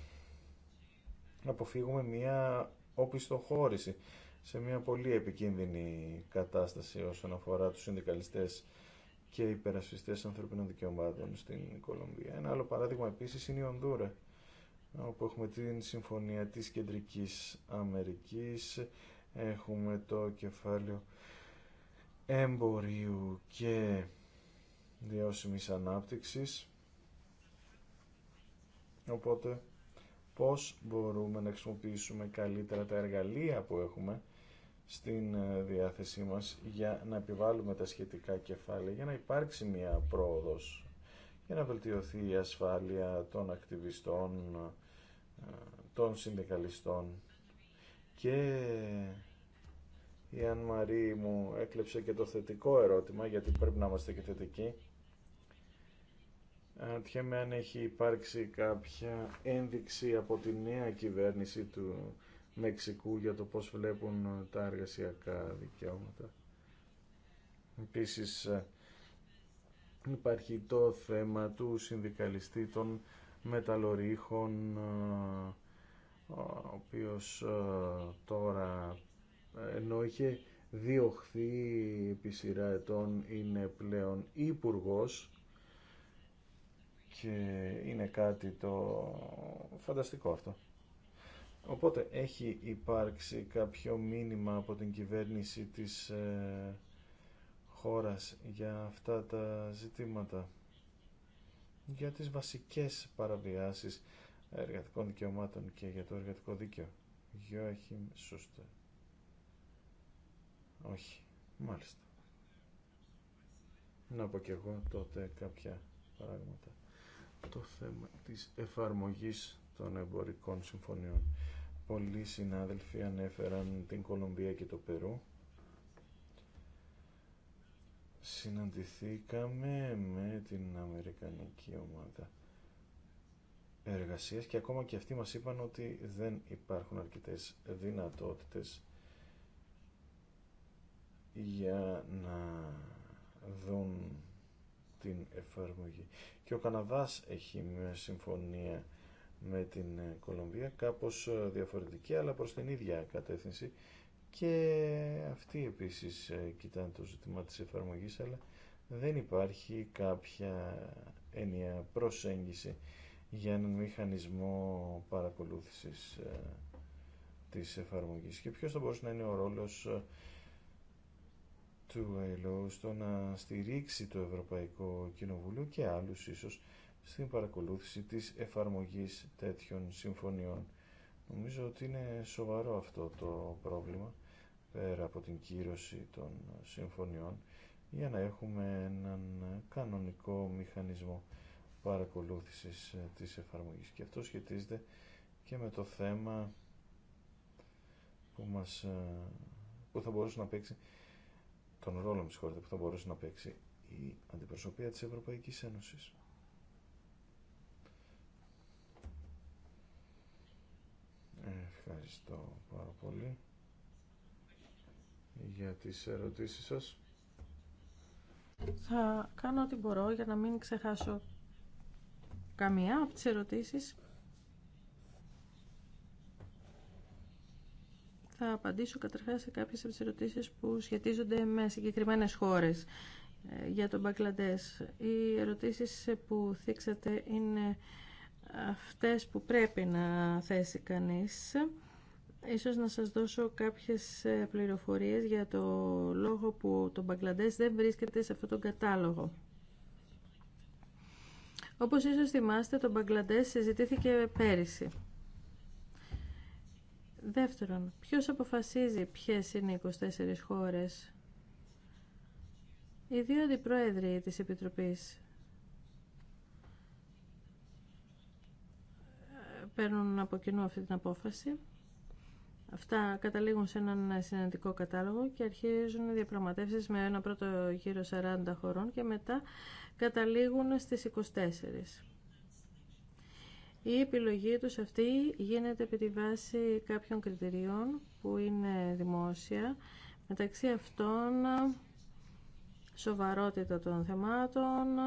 S2: αποφύγουμε μια οπισθοχώρηση σε μια πολύ επικίνδυνη κατάσταση όσον αφορά τους συνδικαλιστές και υπερασπιστές ανθρωπίνων δικαιωμάτων στην Κολομβία. Ένα άλλο παράδειγμα επίσης είναι η Ονδούρα, όπου έχουμε την Συμφωνία της Κεντρικής Αμερικής, έχουμε το κεφάλαιο εμπορίου και βιώσιμης ανάπτυξης. Οπότε, πώς μπορούμε να χρησιμοποιήσουμε καλύτερα τα εργαλεία που έχουμε στην ε, διάθεσή μας για να επιβάλλουμε τα σχετικά κεφάλαια, για να υπάρξει μια πρόοδος, για να βελτιωθεί η ασφάλεια των ακτιβιστών, ε, των συνδικαλιστών και η Αν μου έκλεψε και το θετικό ερώτημα, γιατί πρέπει να είμαστε και θετικοί. Αναρωτιέμαι αν έχει υπάρξει κάποια ένδειξη από τη νέα κυβέρνηση του Μεξικού για το πώς βλέπουν τα εργασιακά δικαιώματα. Επίσης ε, υπάρχει το θέμα του συνδικαλιστή των μεταλλορίχων ε, ο οποίος ε, τώρα ενώ είχε διωχθεί επί σειρά ετών είναι πλέον υπουργό και είναι κάτι το φανταστικό αυτό. Οπότε έχει υπάρξει κάποιο μήνυμα από την κυβέρνηση της ε, χώρας για αυτά τα ζητήματα, για τις βασικές παραβιάσεις εργατικών δικαιωμάτων και για το εργατικό δίκαιο. έχει Σούστερ. Όχι. Μάλιστα. Να πω και εγώ τότε κάποια πράγματα. Το θέμα της εφαρμογής των εμπορικών συμφωνιών. Πολλοί συνάδελφοι ανέφεραν την Κολομβία και το Περού. Συναντηθήκαμε με την Αμερικανική ομάδα εργασίας και ακόμα και αυτοί μας είπαν ότι δεν υπάρχουν αρκετές δυνατότητες για να δουν την εφαρμογή. Και ο Καναβάς έχει μια συμφωνία με την Κολομβία, κάπως ε, διαφορετική, αλλά προς την ίδια κατεύθυνση. Και αυτοί επίσης ε, κοιτάνε το ζήτημα της εφαρμογής, αλλά δεν υπάρχει κάποια ενιαία προσέγγιση για έναν μηχανισμό παρακολούθησης ε, της εφαρμογής. Και ποιος θα μπορούσε να είναι ο ρόλος του ΑΕΛΟ στο να στηρίξει το Ευρωπαϊκό Κοινοβούλιο και άλλους ίσως στην παρακολούθηση της εφαρμογής τέτοιων συμφωνιών. Νομίζω ότι είναι σοβαρό αυτό το πρόβλημα πέρα από την κύρωση των συμφωνιών για να έχουμε έναν κανονικό μηχανισμό παρακολούθησης ε, της εφαρμογής. Και αυτό σχετίζεται και με το θέμα που, ε, που θα μπορούσε να παίξει τον ρόλο που θα μπορούσε να παίξει η αντιπροσωπεία της Ευρωπαϊκής Ένωσης. Ευχαριστώ πάρα πολύ για τις ερωτήσεις σας.
S3: Θα κάνω ό,τι μπορώ για να μην ξεχάσω καμία από τις ερωτήσεις Θα απαντήσω καταρχάς σε κάποιες από τις ερωτήσεις που σχετίζονται με συγκεκριμένες χώρες ε, για τον Μπαγκλαντές. Οι ερωτήσεις που θίξατε είναι αυτές που πρέπει να θέσει κανείς. Ίσως να σας δώσω κάποιες ε, πληροφορίες για το λόγο που το Μπαγκλαντές δεν βρίσκεται σε αυτόν τον κατάλογο. Όπως ίσως θυμάστε, το Μπαγκλαντές συζητήθηκε πέρυσι. Δεύτερον, ποιος αποφασίζει ποιες είναι οι 24 χώρες. Οι δύο αντιπρόεδροι της Επιτροπής παίρνουν από κοινού αυτή την απόφαση. Αυτά καταλήγουν σε έναν συναντικό κατάλογο και αρχίζουν οι διαπραγματεύσεις με ένα πρώτο γύρο 40 χωρών και μετά καταλήγουν στις 24. Η επιλογή τους αυτή γίνεται επί τη βάση κάποιων κριτηριών που είναι δημόσια, μεταξύ αυτών σοβαρότητα των θεμάτων,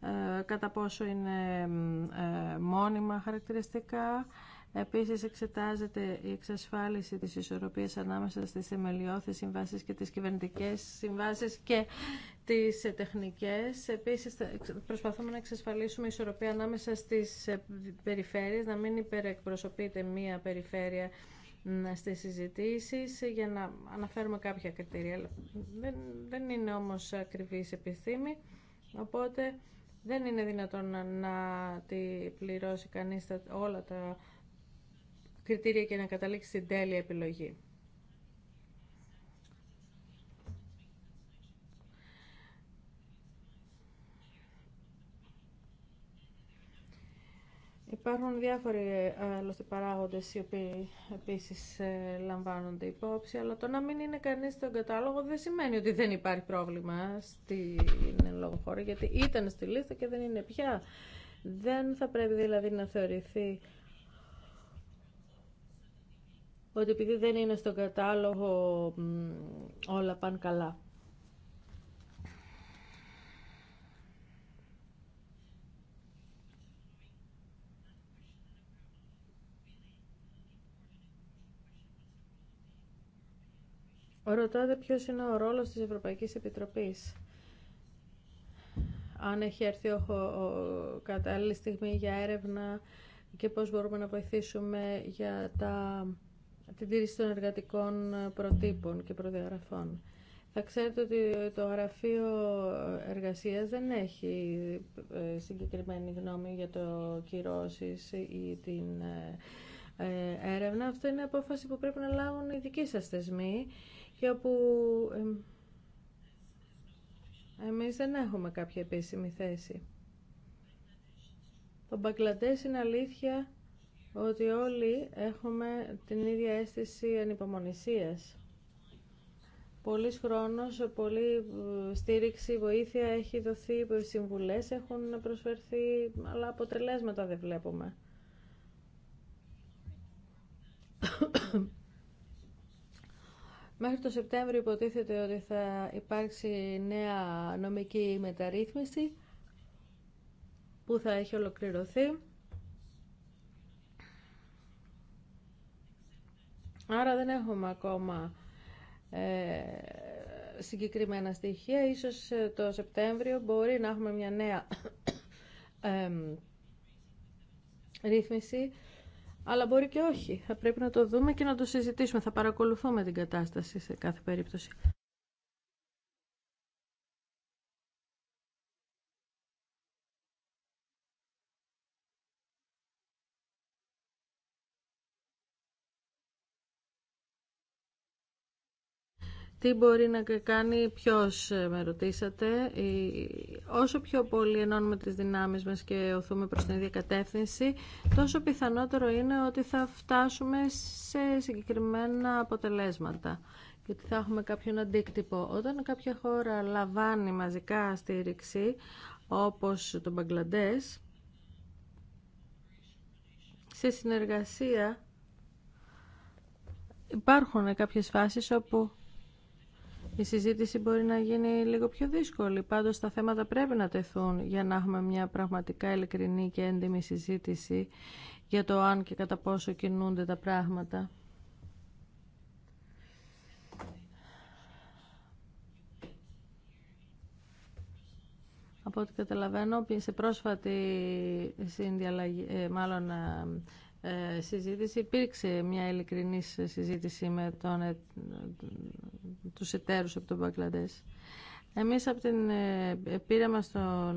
S3: ε, κατά πόσο είναι ε, μόνιμα χαρακτηριστικά, Επίσης εξετάζεται η εξασφάλιση της ισορροπίας ανάμεσα στις θεμελιώθεις συμβάσεις και τις κυβερνητικές συμβάσεις και τις ε, τεχνικές. Επίσης προσπαθούμε να εξασφαλίσουμε ισορροπία ανάμεσα στις ε, περιφέρειες, να μην υπερεκπροσωπείται μία περιφέρεια στις συζητήσεις για να αναφέρουμε κάποια κριτήρια. Δεν, είναι όμως ακριβής επιθύμη, οπότε δεν είναι δυνατόν να, τη πληρώσει κανείς όλα τα κριτήρια και να καταλήξει στην τέλεια επιλογή. Υπάρχουν διάφοροι ε, άλλωστε παράγοντες οι οποίοι επίσης ε, λαμβάνονται υπόψη, αλλά το να μην είναι κανείς στον κατάλογο δεν σημαίνει ότι δεν υπάρχει πρόβλημα στην λόγω χώρα, γιατί ήταν στη λίστα και δεν είναι πια. Δεν θα πρέπει δηλαδή να θεωρηθεί ότι επειδή δεν είναι στο κατάλογο όλα πάνε καλά. Ρωτάτε ποιος είναι ο ρόλος της Ευρωπαϊκής Επιτροπής. Αν έχει έρθει ο, ο, κατάλληλη στιγμή για έρευνα και πώς μπορούμε να βοηθήσουμε για τα την τήρηση των εργατικών ε, προτύπων και προδιαγραφών. Θα ξέρετε ότι το Γραφείο Εργασίας δεν έχει ε, συγκεκριμένη γνώμη για το κυρώσεις ή την ε, έρευνα. Αυτό είναι απόφαση που πρέπει να λάβουν οι δικοί σας θεσμοί και όπου εμείς δεν έχουμε κάποια επίσημη θέση. Το Μπαγκλαντές είναι αλήθεια ότι όλοι έχουμε την ίδια αίσθηση ανυπομονησίας. Πολλοί χρόνος, πολλή ε, στήριξη, βοήθεια έχει δοθεί, συμβουλές έχουν προσφερθεί, αλλά αποτελέσματα δεν βλέπουμε. Μέχρι το Σεπτέμβριο υποτίθεται ότι θα υπάρξει νέα νομική μεταρρύθμιση που θα έχει ολοκληρωθεί. Άρα δεν έχουμε ακόμα ε, συγκεκριμένα στοιχεία. Ίσως ε, το Σεπτέμβριο μπορεί να έχουμε μια νέα ρύθμιση, αλλά μπορεί και όχι. Θα πρέπει να το δούμε και να το συζητήσουμε. Θα παρακολουθούμε την κατάσταση σε κάθε περίπτωση. Τι μπορεί να κάνει ποιος, ε, με ρωτήσατε. Όσο πιο πολύ ενώνουμε τις δυνάμεις μας και οθούμε προς την ίδια κατεύθυνση, τόσο πιθανότερο είναι ότι θα φτάσουμε σε συγκεκριμένα αποτελέσματα και θα έχουμε κάποιον αντίκτυπο. Όταν κάποια χώρα λαμβάνει μαζικά στήριξη, όπως το Μπαγκλαντές, σε συνεργασία υπάρχουν κάποιες φάσεις όπου η συζήτηση μπορεί να γίνει λίγο πιο δύσκολη, πάντως τα θέματα πρέπει να τεθούν για να έχουμε μια πραγματικά ειλικρινή και έντιμη συζήτηση για το αν και κατά πόσο κινούνται τα πράγματα. Από ό,τι καταλαβαίνω, σε πρόσφατη συνδιαλλαγή, ε, μάλλον ε, ε, συζήτηση. Υπήρξε μια ειλικρινή συζήτηση με τον, ε, τους εταίρους από τον Μπαγκλαντές. Εμείς από την ε, πείρα μας στο,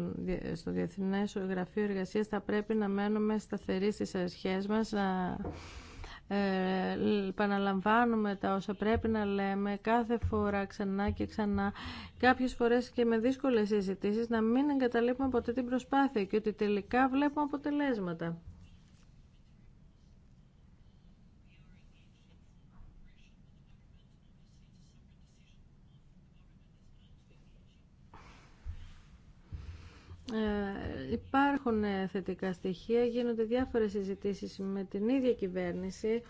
S3: στο Διεθνές Γραφείο Εργασίας θα πρέπει να μένουμε σταθεροί στις αρχές μας, να επαναλαμβάνουμε τα όσα πρέπει να λέμε κάθε φορά ξανά και ξανά κάποιες φορές και με δύσκολες συζητήσεις να μην εγκαταλείπουμε ποτέ την προσπάθεια και ότι τελικά βλέπουμε αποτελέσματα. Ε, υπάρχουν ε, θετικά στοιχεία, γίνονται διάφορες συζητήσεις με την ίδια κυβέρνηση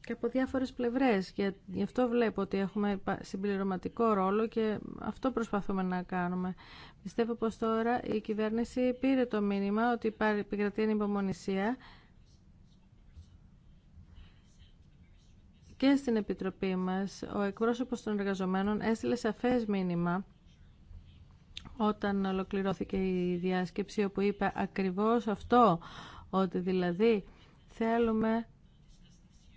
S3: και από διάφορες πλευρές. Γι' αυτό βλέπω ότι έχουμε συμπληρωματικό ρόλο και αυτό προσπαθούμε να κάνουμε. Πιστεύω πως τώρα η κυβέρνηση πήρε το μήνυμα ότι επικρατεί ανυπομονησία και στην Επιτροπή μας ο εκπρόσωπος των εργαζομένων έστειλε σαφές μήνυμα όταν ολοκληρώθηκε η διάσκεψη όπου είπε ακριβώς αυτό ότι δηλαδή θέλουμε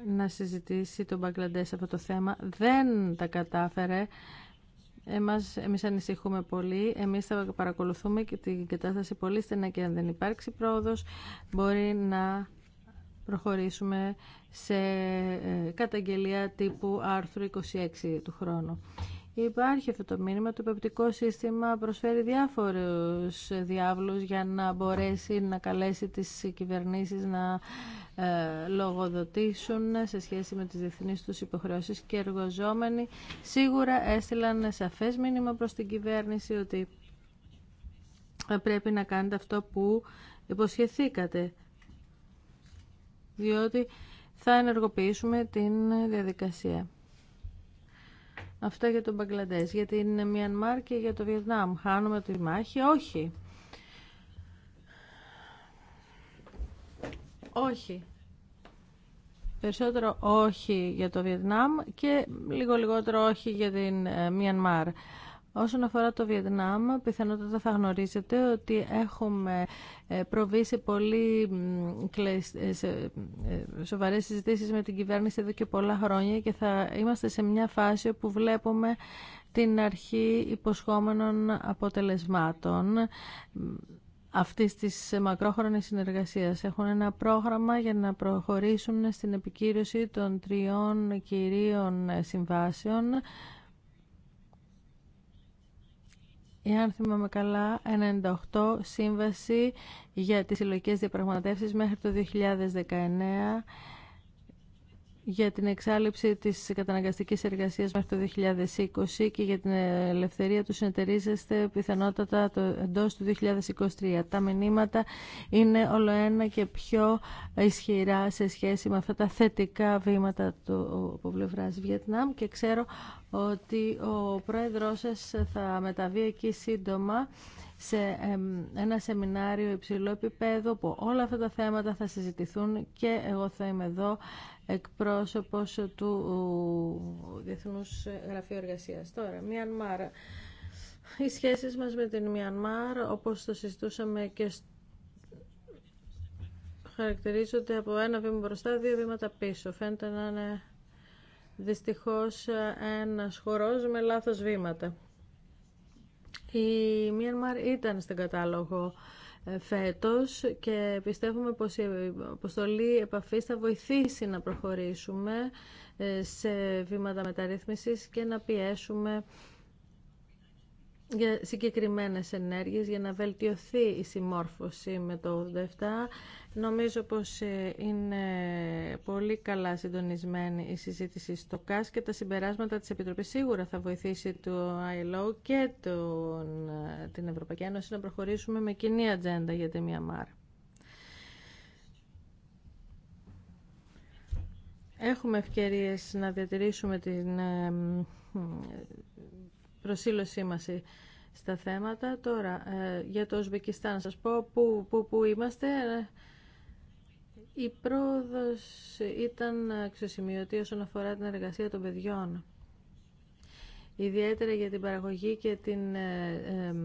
S3: να συζητήσει τον Μπαγκλαντές αυτό το θέμα δεν τα κατάφερε εμάς, εμείς ανησυχούμε πολύ εμείς θα παρακολουθούμε και την κατάσταση πολύ στενά και αν δεν υπάρξει πρόοδος μπορεί να προχωρήσουμε σε ε, καταγγελία τύπου άρθρου 26 του χρόνου Υπάρχει αυτό το μήνυμα. Το υπεπτικό σύστημα προσφέρει διάφορους διάβλους για να μπορέσει να καλέσει τις κυβερνήσεις να ε, λογοδοτήσουν σε σχέση με τις διεθνείς τους υποχρεώσεις και εργοζόμενοι σίγουρα έστειλαν σαφές μήνυμα προς την κυβέρνηση ότι πρέπει να κάνετε αυτό που υποσχεθήκατε. Διότι θα ενεργοποιήσουμε την διαδικασία. Αυτό για τον Μπαγκλαντές. Για την Μιανμάρ και για το Βιετνάμ. Χάνουμε τη μάχη. Όχι. Όχι. Περισσότερο όχι για το Βιετνάμ και λίγο λιγότερο όχι για την ε, Μιανμάρ. Όσον αφορά το Βιετνάμ, πιθανότατα θα γνωρίζετε ότι έχουμε ε, προβεί σε πολύ ε, ε, σοβαρέ συζητήσει με την κυβέρνηση εδώ και πολλά χρόνια και θα είμαστε σε μια φάση όπου βλέπουμε την αρχή υποσχόμενων αποτελεσμάτων αυτή της μακρόχρονης συνεργασίας. Έχουν ένα πρόγραμμα για να προχωρήσουν στην επικύρωση των τριών κυρίων συμβάσεων εάν θυμάμαι καλά, 98 σύμβαση για τις συλλογικές διαπραγματεύσεις μέχρι το 2019 για την εξάλληψη της καταναγκαστικής εργασίας μέχρι το 2020 και για την ελευθερία του συνεταιρίζεστε πιθανότατα το, εντός του 2023. Τα μηνύματα είναι όλο ένα και πιο ισχυρά σε σχέση με αυτά τα θετικά βήματα του από πλευράς Βιετνάμ και ξέρω ότι ο πρόεδρός σας θα μεταβεί εκεί σύντομα σε ένα σεμινάριο υψηλό επίπεδο που όλα αυτά τα θέματα θα συζητηθούν και εγώ θα είμαι εδώ εκπρόσωπος του Διεθνούς Γραφείου Εργασίας. Τώρα, Μιανμάρ. Οι σχέσεις μας με την Μιανμάρ, όπως το συζητούσαμε και χαρακτηρίζονται από ένα βήμα μπροστά, δύο βήματα πίσω. Φαίνεται να είναι δυστυχώς ε, ένας χορός με λάθος βήματα. Η Μιανμάρ ήταν στην κατάλογο ε, φέτος και πιστεύουμε πως η αποστολή επαφής θα βοηθήσει να προχωρήσουμε ε, σε βήματα μεταρρύθμισης και να πιέσουμε για συγκεκριμένες ενέργειες για να βελτιωθεί η συμμόρφωση με το 87. Νομίζω πως ε, είναι πολύ καλά συντονισμένη η συζήτηση στο ΚΑΣ και τα συμπεράσματα της Επιτροπής σίγουρα θα βοηθήσει το ILO και τον, ε, την Ευρωπαϊκή Ένωση να προχωρήσουμε με κοινή ατζέντα για τη Μιαμάρ. Έχουμε ευκαιρίες να διατηρήσουμε την ε, προσήλωσή μας στα θέματα. Τώρα, ε, για το Ουσβεκιστάν, σας πω πού, πού, πού είμαστε. Ε, η πρόοδος ήταν αξιοσημειωτή όσον αφορά την εργασία των παιδιών. Ιδιαίτερα για την παραγωγή και την ε,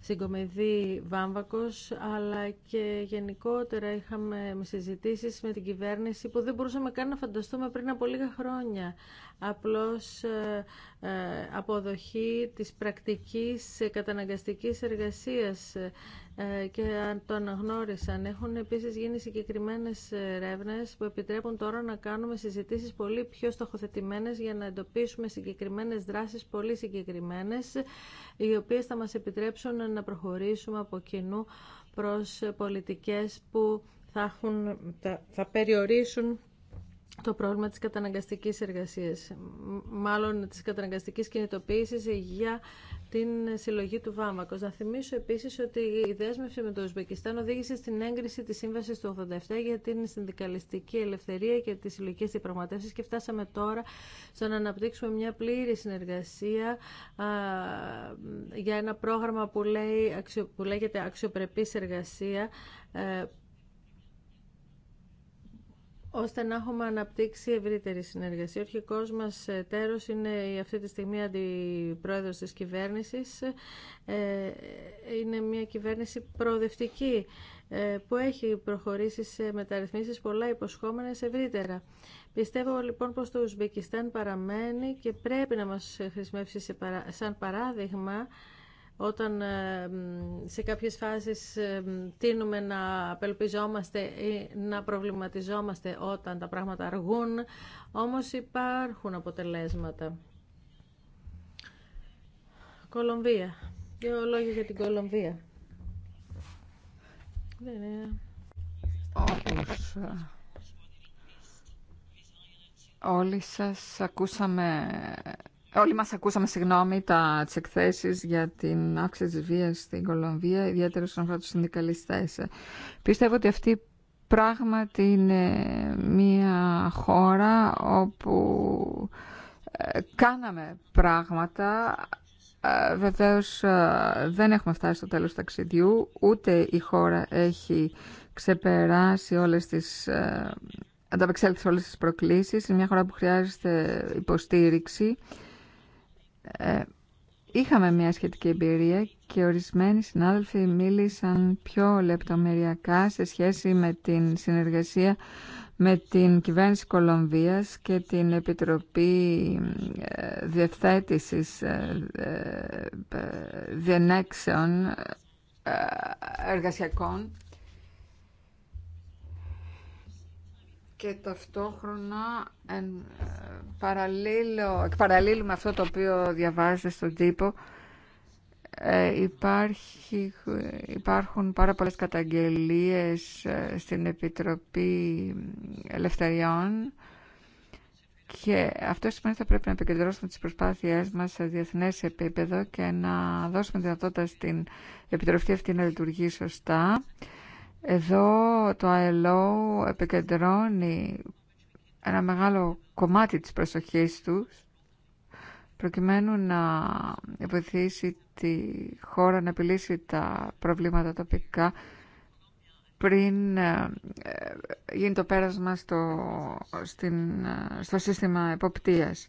S3: συγκομιδή Βάμβακος, αλλά και γενικότερα είχαμε συζητήσεις με την κυβέρνηση που δεν μπορούσαμε καν να φανταστούμε πριν από λίγα χρόνια. Απλώς ε, αποδοχή της πρακτικής καταναγκαστικής εργασίας ε, και αν το αναγνώρισαν. Έχουν επίσης γίνει συγκεκριμένες ρεύνες που επιτρέπουν τώρα να κάνουμε συζητήσεις πολύ πιο στοχοθετημένες για να εντοπίσουμε συγκεκριμένες δράσεις πολύ συγκεκριμένες οι οποίες θα μας επιτρέψουν να προχωρήσουμε από κοινού προς πολιτικές που θα, θα περιορίσουν το πρόβλημα της καταναγκαστικής εργασίας, μάλλον της καταναγκαστικής κινητοποίησης για την συλλογή του βάμβακος. Να θυμίσω επίσης ότι η δέσμευση με το Ουσβεκιστάν οδήγησε στην έγκριση της σύμβασης του 87 για την συνδικαλιστική ελευθερία και τις συλλογικές διαπραγματεύσεις και φτάσαμε τώρα στο να αναπτύξουμε μια πλήρη συνεργασία για ένα πρόγραμμα που, λέει, που λέγεται αξιοπρεπής εργασία ε, ώστε να έχουμε αναπτύξει ευρύτερη συνεργασία. Ο αρχικό μα εταίρο είναι αυτή τη στιγμή αντιπρόεδρο τη κυβέρνηση. Ε, είναι μια κυβέρνηση προοδευτική ε, που έχει προχωρήσει σε μεταρρυθμίσεις πολλά υποσχόμενες ευρύτερα. Πιστεύω λοιπόν πως το Ουσμπεκιστάν παραμένει και πρέπει να μας χρησιμεύσει σαν παράδειγμα όταν ε, σε κάποιες φάσεις ε, τίνουμε να απελπιζόμαστε ή να προβληματιζόμαστε όταν τα πράγματα αργούν, όμως υπάρχουν αποτελέσματα. Κολομβία. Δύο λόγια για την Κολομβία. Δεν είναι...
S1: Ε, όλοι σας ακούσαμε Όλοι μας ακούσαμε, συγγνώμη, τα, τσεκθέσεις για την αύξηση της βίας στην Κολομβία, ιδιαίτερα στον αφορά τους συνδικαλιστές. Πιστεύω ότι αυτή πράγματι είναι μια χώρα όπου ε, κάναμε πράγματα. Ε, βεβαίως ε, δεν έχουμε φτάσει στο τέλος ταξιδιού, ούτε η χώρα έχει ξεπεράσει όλες τις ανταπεξέλθει όλες τις προκλήσεις. Είναι μια χώρα που χρειάζεται υποστήριξη. Ε, είχαμε μια σχετική εμπειρία και ορισμένοι συνάδελφοι μίλησαν πιο λεπτομεριακά σε σχέση με την συνεργασία με την κυβέρνηση Κολομβίας και την Επιτροπή ε, Διευθέτησης ε, Διενέξεων Εργασιακών και ταυτόχρονα εν, εκ με αυτό το οποίο διαβάζετε στον τύπο ε, υπάρχει, υπάρχουν πάρα πολλές καταγγελίες ε, στην Επιτροπή Ελευθεριών και αυτό σημαίνει ότι θα πρέπει να επικεντρώσουμε τις προσπάθειές μας σε διεθνές επίπεδο και να δώσουμε δυνατότητα στην Επιτροπή αυτή να λειτουργεί σωστά εδώ το ILO επικεντρώνει ένα μεγάλο κομμάτι της προσοχής τους προκειμένου να βοηθήσει τη χώρα να επιλύσει τα προβλήματα τοπικά πριν ε, ε, γίνει το πέρασμα στο, στην, ε, στο σύστημα εποπτείας.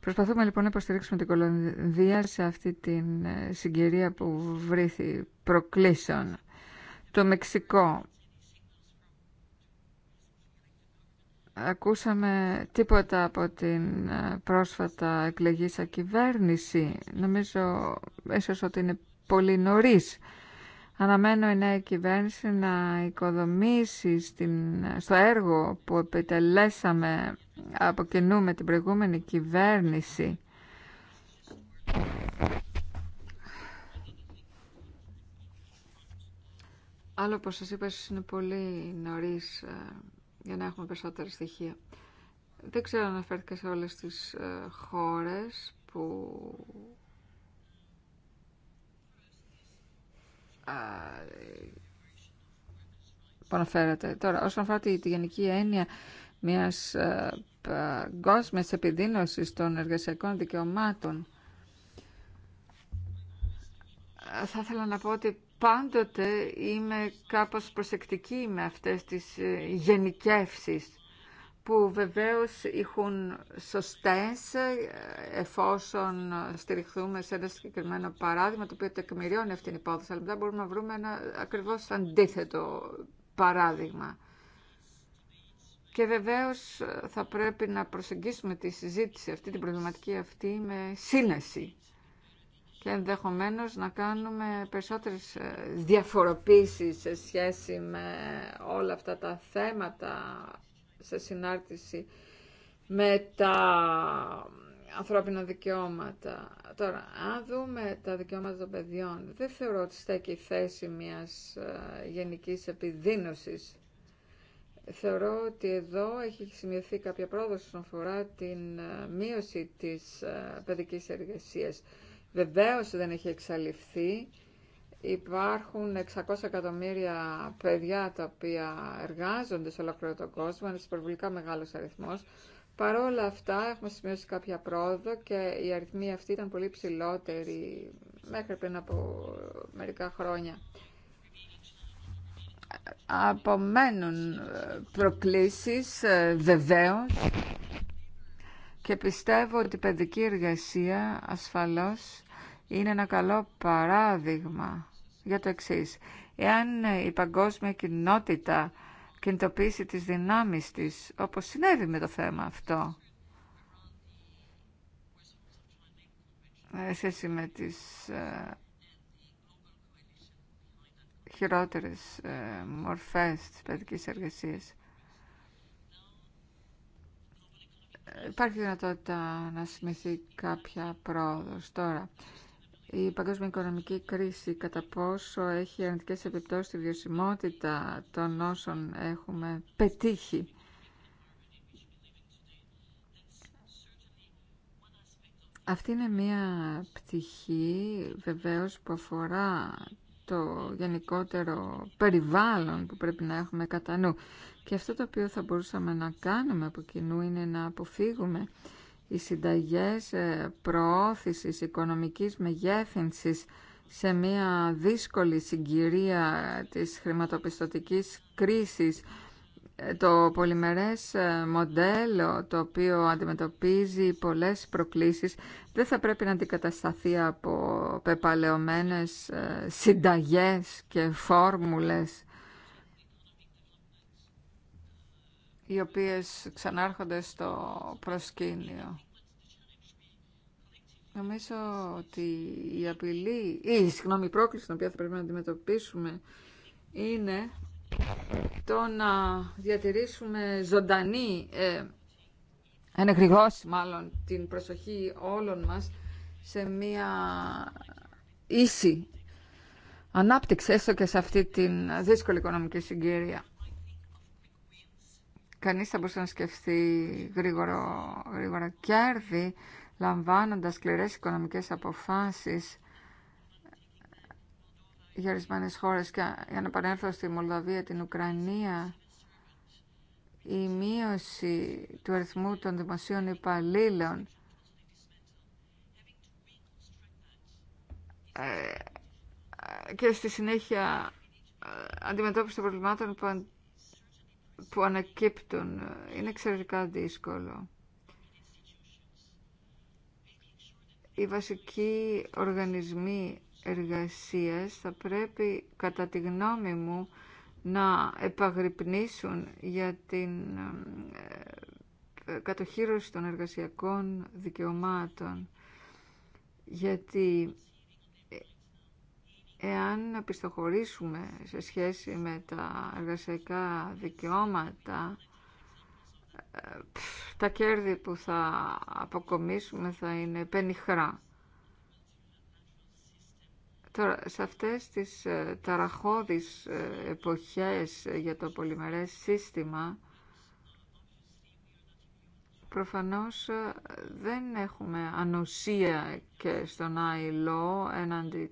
S1: Προσπαθούμε λοιπόν να υποστηρίξουμε την Κολονδία σε αυτή την συγκυρία που βρήθη προκλήσεων. Το Μεξικό. Ακούσαμε τίποτα από την ε, πρόσφατα εκλεγήσα κυβέρνηση. Νομίζω ίσως ότι είναι πολύ νωρίς. Αναμένω η νέα κυβέρνηση να οικοδομήσει στην, στο έργο που επιτελέσαμε από κοινού με την προηγούμενη κυβέρνηση Άλλο όπως σας είπα, είναι πολύ νωρίς ε, για να έχουμε περισσότερα στοιχεία. Δεν ξέρω αν αναφέρθηκα σε όλες τις ε, χώρες που ε, που αναφέρατε. Τώρα, όσον αφορά τη, γενική έννοια μιας παγκόσμια επιδείνωσης των εργασιακών δικαιωμάτων, θα ήθελα να πω ότι πάντοτε είμαι κάπως προσεκτική με αυτές τις ε, γενικεύσεις που βεβαίως έχουν σωστές ε, εφόσον στηριχθούμε σε ένα συγκεκριμένο παράδειγμα το οποίο τεκμηριώνει αυτήν την υπόθεση αλλά μπορούμε να βρούμε ένα ακριβώς αντίθετο παράδειγμα. Και βεβαίως ε, θα πρέπει να προσεγγίσουμε τη συζήτηση αυτή, την προβληματική αυτή με σύνεση και ενδεχομένως να κάνουμε περισσότερες ε, διαφοροποίησεις σε σχέση με όλα αυτά τα θέματα σε συνάρτηση με τα ανθρώπινα δικαιώματα. Τώρα, αν δούμε τα δικαιώματα των παιδιών, δεν θεωρώ ότι στέκει η θέση μιας ε, γενικής επιδίνωσης. Θεωρώ ότι εδώ έχει σημειωθεί κάποια πρόοδος όσον αφορά την ε, μείωση της παιδικής εργασίας. Βεβαίως δεν έχει εξαλειφθεί. Υπάρχουν 600 εκατομμύρια παιδιά τα οποία εργάζονται σε ολόκληρο τον κόσμο, είναι υπερβολικά μεγάλος αριθμός. Παρ' όλα αυτά έχουμε σημειώσει κάποια πρόοδο και η αριθμή αυτή ήταν πολύ ψηλότερη μέχρι πριν από μερικά χρόνια. Απομένουν ε, προκλήσεις ε, βεβαίως και πιστεύω ότι η παιδική εργασία ασφαλώς είναι ένα καλό παράδειγμα για το εξή. Εάν η παγκόσμια κοινότητα κινητοποιήσει τις δυνάμεις της, όπως συνέβη με το θέμα αυτό, σε σχέση με τις ε, χειρότερες ε, μορφές της παιδικής εργασίας. Υπάρχει δυνατότητα να σημειωθεί κάποια πρόοδος τώρα. Η παγκόσμια οικονομική κρίση κατά πόσο έχει αρνητικές επιπτώσεις στη βιωσιμότητα των όσων έχουμε πετύχει. Αυτή είναι μία πτυχή βεβαίως που αφορά το γενικότερο περιβάλλον που πρέπει να έχουμε κατά νου. Και αυτό το οποίο θα μπορούσαμε να κάνουμε από κοινού είναι να αποφύγουμε οι συνταγές ε, προώθησης οικονομικής μεγέθυνσης σε μια δύσκολη συγκυρία της χρηματοπιστωτικής κρίσης ε, το πολυμερές ε, μοντέλο το οποίο αντιμετωπίζει πολλές προκλήσεις δεν θα πρέπει να αντικατασταθεί από πεπαλαιωμένες συνταγές και φόρμουλες οι οποίες ξανάρχονται στο προσκήνιο. Νομίζω ότι η απειλή, ή συγγνώμη, η πρόκληση την οποία θα πρέπει να αντιμετωπίσουμε είναι το να διατηρήσουμε ζωντανή, ε, μάλλον, την προσοχή όλων μας σε μία ίση ανάπτυξη, έστω και σε αυτή την δύσκολη οικονομική συγκύρια. Κανείς θα μπορούσε να σκεφτεί γρήγορο, γρήγορα κέρδη λαμβάνοντας σκληρές οικονομικές αποφάσεις για ορισμένε χώρες και για να παρέλθω στη Μολδαβία, την Ουκρανία η μείωση του αριθμού των δημοσίων υπαλλήλων ε, ε, και στη συνέχεια ε, αντιμετώπιση των προβλημάτων που που ανακύπτουν. Είναι εξαιρετικά δύσκολο. Οι βασικοί οργανισμοί εργασίας θα πρέπει, κατά τη γνώμη μου, να επαγρυπνήσουν για την ε, ε, κατοχύρωση των εργασιακών δικαιωμάτων. Γιατί Εάν επιστοχωρήσουμε σε σχέση με τα εργασιακά δικαιώματα, ε, τα κέρδη που θα αποκομίσουμε θα είναι πενιχρά. Τώρα, σε αυτές τις ε, ταραχώδεις ε, εποχές για το πολυμερές σύστημα, προφανώς δεν έχουμε ανοσία και στον ILO έναντι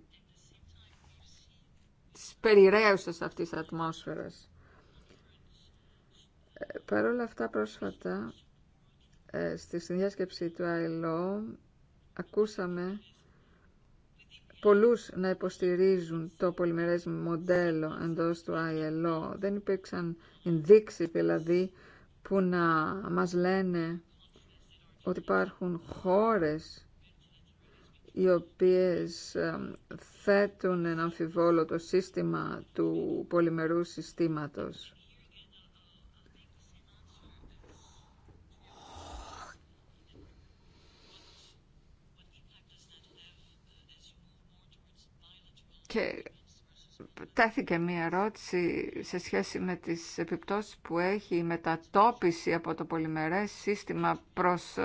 S1: της περιραίωσης αυτής της ατμόσφαιρας. Ε, Παρ' όλα αυτά πρόσφατα ε, στη συνδιάσκεψη του ΑΕΛΟ ακούσαμε πολλούς να υποστηρίζουν το πολυμερές μοντέλο εντός του ILO. Δεν υπήρξαν ενδείξεις δηλαδή που να μας λένε ότι υπάρχουν χώρες οι οποίες θέτουν ένα αμφιβόλο το σύστημα του πολυμερού συστήματος. Και τέθηκε μία ερώτηση σε σχέση με τις επιπτώσεις που έχει η μετατόπιση από το πολυμερές σύστημα προς ε,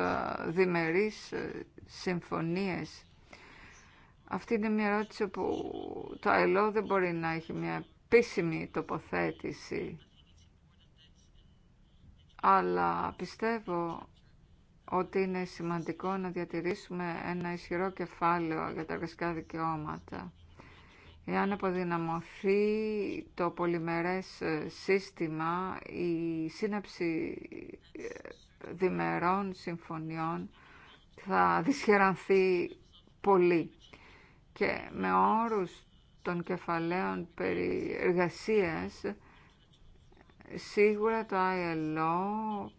S1: διμερείς ε, συμφωνίες. Αυτή είναι μια ερώτηση που το ΑΕΛΟ δεν μπορεί να έχει μια επίσημη τοποθέτηση. Αλλά πιστεύω ότι είναι σημαντικό να διατηρήσουμε ένα ισχυρό κεφάλαιο για τα εργασικά δικαιώματα. Εάν αποδυναμωθεί το πολυμερές ε, σύστημα, η σύναψη ε, διμερών συμφωνιών θα δυσχερανθεί πολύ και με όρους των κεφαλαίων περί εργασίας, σίγουρα το ILO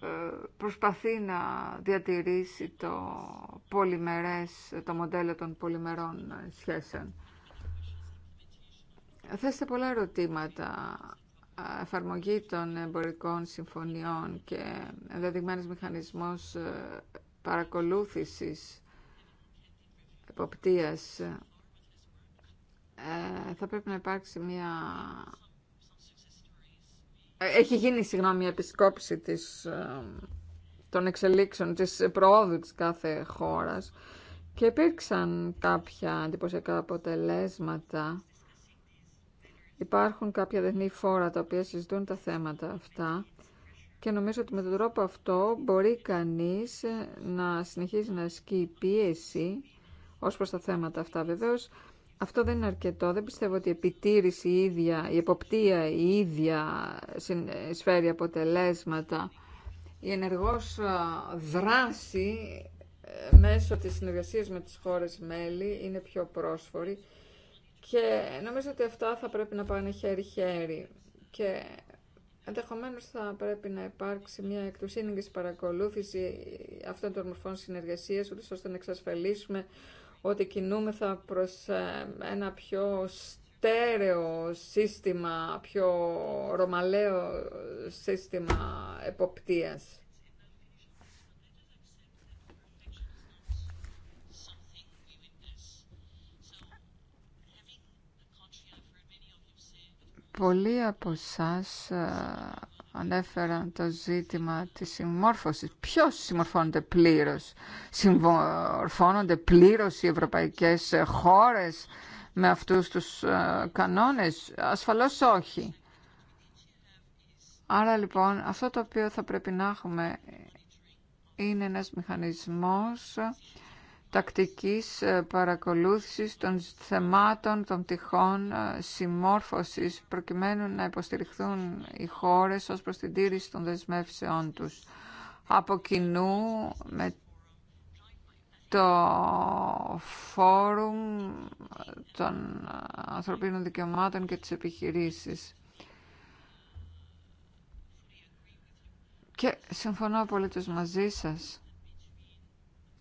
S1: ε, προσπαθεί να διατηρήσει το, πολυμερές, το μοντέλο των πολυμερών σχέσεων. Θέστε πολλά ερωτήματα. Εφαρμογή των εμπορικών συμφωνιών και ενδεδειγμένος μηχανισμός ε, παρακολούθησης, εποπτείας, ε, θα πρέπει να υπάρξει μια... Ε, έχει γίνει, συγγνώμη, μια επισκόπηση της, ε, των εξελίξεων, της προόδου της κάθε χώρας και υπήρξαν κάποια εντυπωσιακά αποτελέσματα. Υπάρχουν κάποια δεχνή φόρα τα οποία συζητούν τα θέματα αυτά και νομίζω ότι με τον τρόπο αυτό μπορεί κανείς ε, να συνεχίζει να ασκεί πίεση ως προς τα θέματα αυτά. Βεβαίως αυτό δεν είναι αρκετό. Δεν πιστεύω ότι η επιτήρηση η ίδια, η εποπτεία η ίδια ε, σφαίρει αποτελέσματα. Η ενεργός ε, δράση μέσω της συνεργασίας με τις χώρες μέλη είναι πιο πρόσφορη και νομίζω ότι αυτά θα πρέπει να πάνε χέρι-χέρι. Και Ενδεχομένω θα πρέπει να υπάρξει μια εκ παρακολούθηση αυτών των μορφών συνεργασία, ώστε να εξασφαλίσουμε ότι κινούμεθα προς ε, ένα πιο στέρεο σύστημα, πιο ρωμαλαίο σύστημα εποπτείας. Πολλοί από εσά ε, ανέφεραν το ζήτημα της συμμόρφωσης. Ποιος συμμορφώνονται πλήρως. Συμμορφώνονται πλήρως οι ευρωπαϊκές ε, χώρες με αυτούς τους ε, κανόνες. Ασφαλώς όχι. Άρα λοιπόν αυτό το οποίο θα πρέπει να έχουμε είναι ένας μηχανισμός τακτικής ε, παρακολούθησης των θεμάτων των πτυχών ε, συμμόρφωσης προκειμένου να υποστηριχθούν οι χώρες ως προς την τήρηση των δεσμεύσεών τους. Από κοινού με το Φόρουμ των Ανθρωπίνων Δικαιωμάτων και της Επιχειρήσεις. Και συμφωνώ απολύτως μαζί σας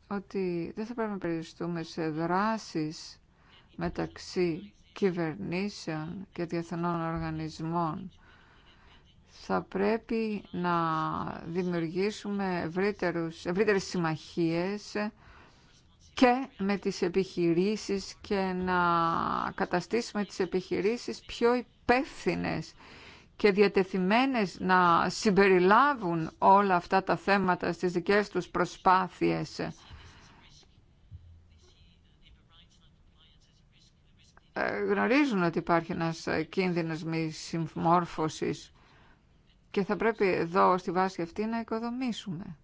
S1: ότι δεν θα πρέπει να περιοριστούμε σε δράσεις μεταξύ κυβερνήσεων και διεθνών οργανισμών. Θα πρέπει να δημιουργήσουμε ευρύτερους, ευρύτερες συμμαχίες και με τις επιχειρήσεις και να καταστήσουμε τις επιχειρήσεις πιο υπεύθυνε και διατεθειμένες να συμπεριλάβουν όλα αυτά τα θέματα στις δικές τους προσπάθειες Ε, γνωρίζουν ότι υπάρχει ένας ε, κίνδυνος μη συμμόρφωσης και θα πρέπει εδώ στη βάση αυτή να οικοδομήσουμε.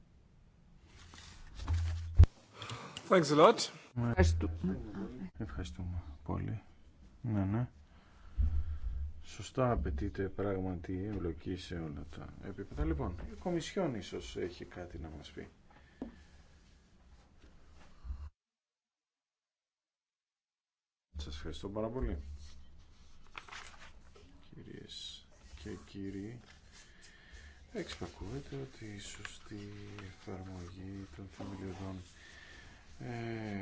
S2: Thanks Ευχαριστούμε. πολύ. Ναι, ναι. Σωστά απαιτείται πράγματι εμπλοκή σε όλα τα επίπεδα. Λοιπόν, η Κομισιόν ίσως έχει κάτι να μας πει. Σας ευχαριστώ πάρα πολύ. Κυρίες και κύριοι, εξπακούεται ότι η σωστή εφαρμογή των θεμελιωδών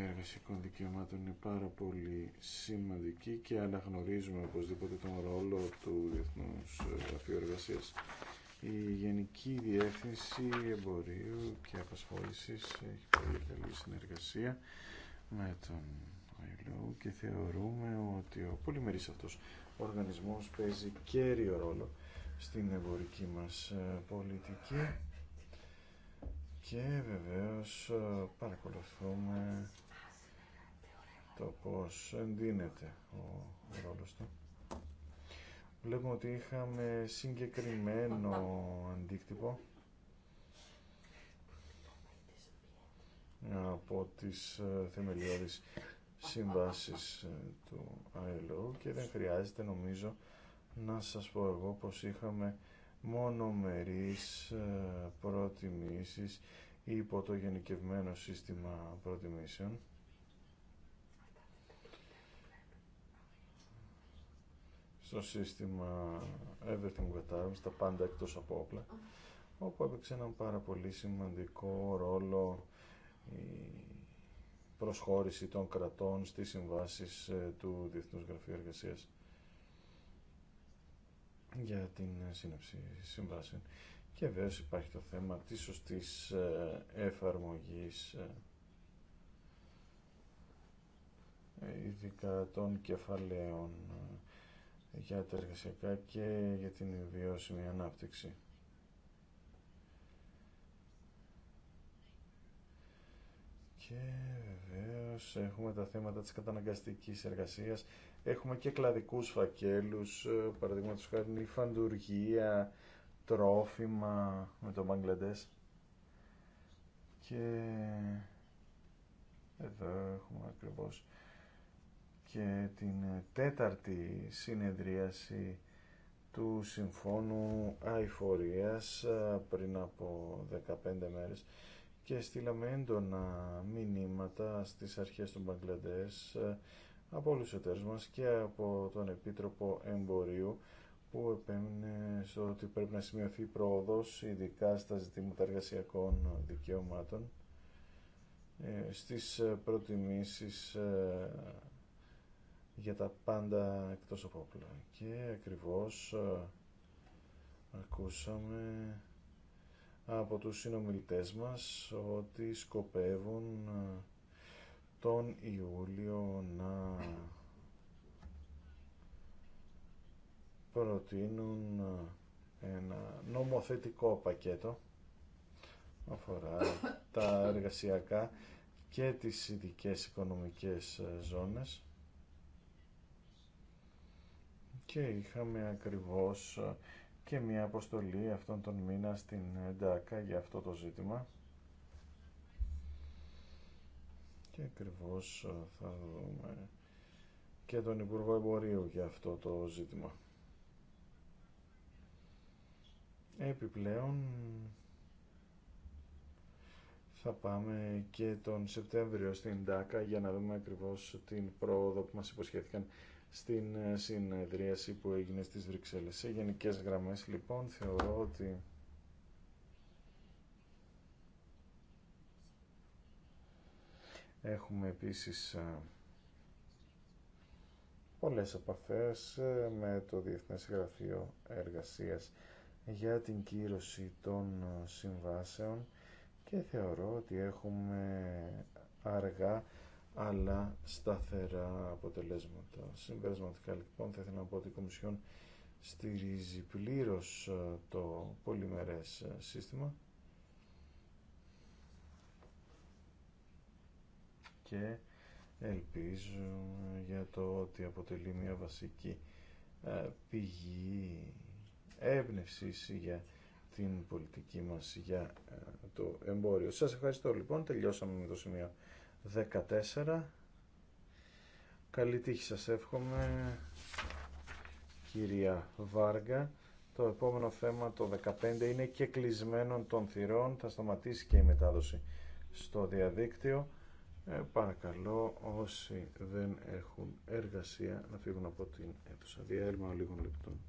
S2: εργασιακών δικαιωμάτων είναι πάρα πολύ σημαντική και αναγνωρίζουμε οπωσδήποτε τον ρόλο του Διεθνούς Γραφείου Εργασίας. Η Γενική Διεύθυνση Εμπορίου και Απασχόλησης έχει πολύ καλή συνεργασία με τον και θεωρούμε ότι ο πολυμερής αυτός οργανισμός παίζει κέριο ρόλο στην εμπορική μας ε, πολιτική και βεβαίως ε, παρακολουθούμε το πώς εντείνεται ο ρόλος του. Βλέπουμε ότι είχαμε συγκεκριμένο αντίκτυπο από τις ε, θεμελιώδεις συμβάσεις ε, του ILO και δεν χρειάζεται νομίζω να σας πω εγώ πως είχαμε μονομερείς ε, προτιμήσεις υπό το γενικευμένο σύστημα προτιμήσεων. στο σύστημα Everything But Arms, τα πάντα εκτός από όπλα, όπου έπαιξε έναν πάρα πολύ σημαντικό ρόλο η προσχώρηση των κρατών στις συμβάσεις ε, του Διεθνούς Γραφείου Εργασίας για την ε, σύναψη συμβάσεων. Και βέβαια υπάρχει το θέμα της σωστής ε, εφαρμογής ειδικά των κεφαλαίων για τα εργασιακά και για την βιώσιμη ανάπτυξη. Και βεβαίως έχουμε τα θέματα της καταναγκαστικής εργασίας. Έχουμε και κλαδικούς φακέλους, ε, παραδείγματος χάρη φαντουργία, τρόφιμα με το Μπαγκλαντές. Και εδώ έχουμε ακριβώς και την τέταρτη συνεδρίαση του Συμφώνου Αηφορίας ε, πριν από 15 μέρες και στείλαμε έντονα μηνύματα στις αρχές των Μπαγκλαντές ε, από όλους τους μας και από τον Επίτροπο Εμπορίου που επέμεινε στο ότι πρέπει να σημειωθεί πρόοδος ειδικά στα ζητήματα εργασιακών δικαιωμάτων ε, στις ε, προτιμήσεις για τα πάντα εκτός από όπλα. Και ακριβώς ακούσαμε από τους συνομιλητές μας ότι σκοπεύουν ε, τον Ιούλιο να προτείνουν ε, ένα νομοθετικό πακέτο αφορά τα εργασιακά και τις ειδικέ οικονομικές ε, ζώνες και είχαμε ακριβώς και μια αποστολή αυτόν τον μήνα στην ΕΝΤΑΚΑ για αυτό το ζήτημα. Και ακριβώ ε, θα δούμε και τον Υπουργό Εμπορίου για αυτό το ζήτημα. Επιπλέον θα πάμε και τον Σεπτέμβριο στην ΝΤΑΚΑ για να δούμε ακριβώς την πρόοδο που μας υποσχέθηκαν στην ε, συνεδρίαση που έγινε στις Βρυξέλλες. Σε γενικές γραμμές λοιπόν θεωρώ ότι έχουμε επίσης ε, πολλές επαφές ε, με το Διεθνές Γραφείο Εργασίας για την κύρωση των συμβάσεων και θεωρώ ότι έχουμε αργά αλλά σταθερά αποτελέσματα. Συμπερασματικά λοιπόν θα ήθελα να πω ότι η Κομισιόν στηρίζει πλήρως ε, το πολυμερές ε, σύστημα και ελπίζω για το ότι αποτελεί μια βασική ε, πηγή έμπνευσης για την πολιτική μας για το εμπόριο. Σας ευχαριστώ λοιπόν. Τελειώσαμε με το σημείο 14. Καλή τύχη σας εύχομαι, κυρία Βάργα. Το επόμενο θέμα, το 15, είναι και κλεισμένων των θυρών. Θα σταματήσει και η μετάδοση στο διαδίκτυο. Ε, παρακαλώ όσοι δεν έχουν εργασία να φύγουν από την αίθουσα. Διέρμα λίγων λεπτών.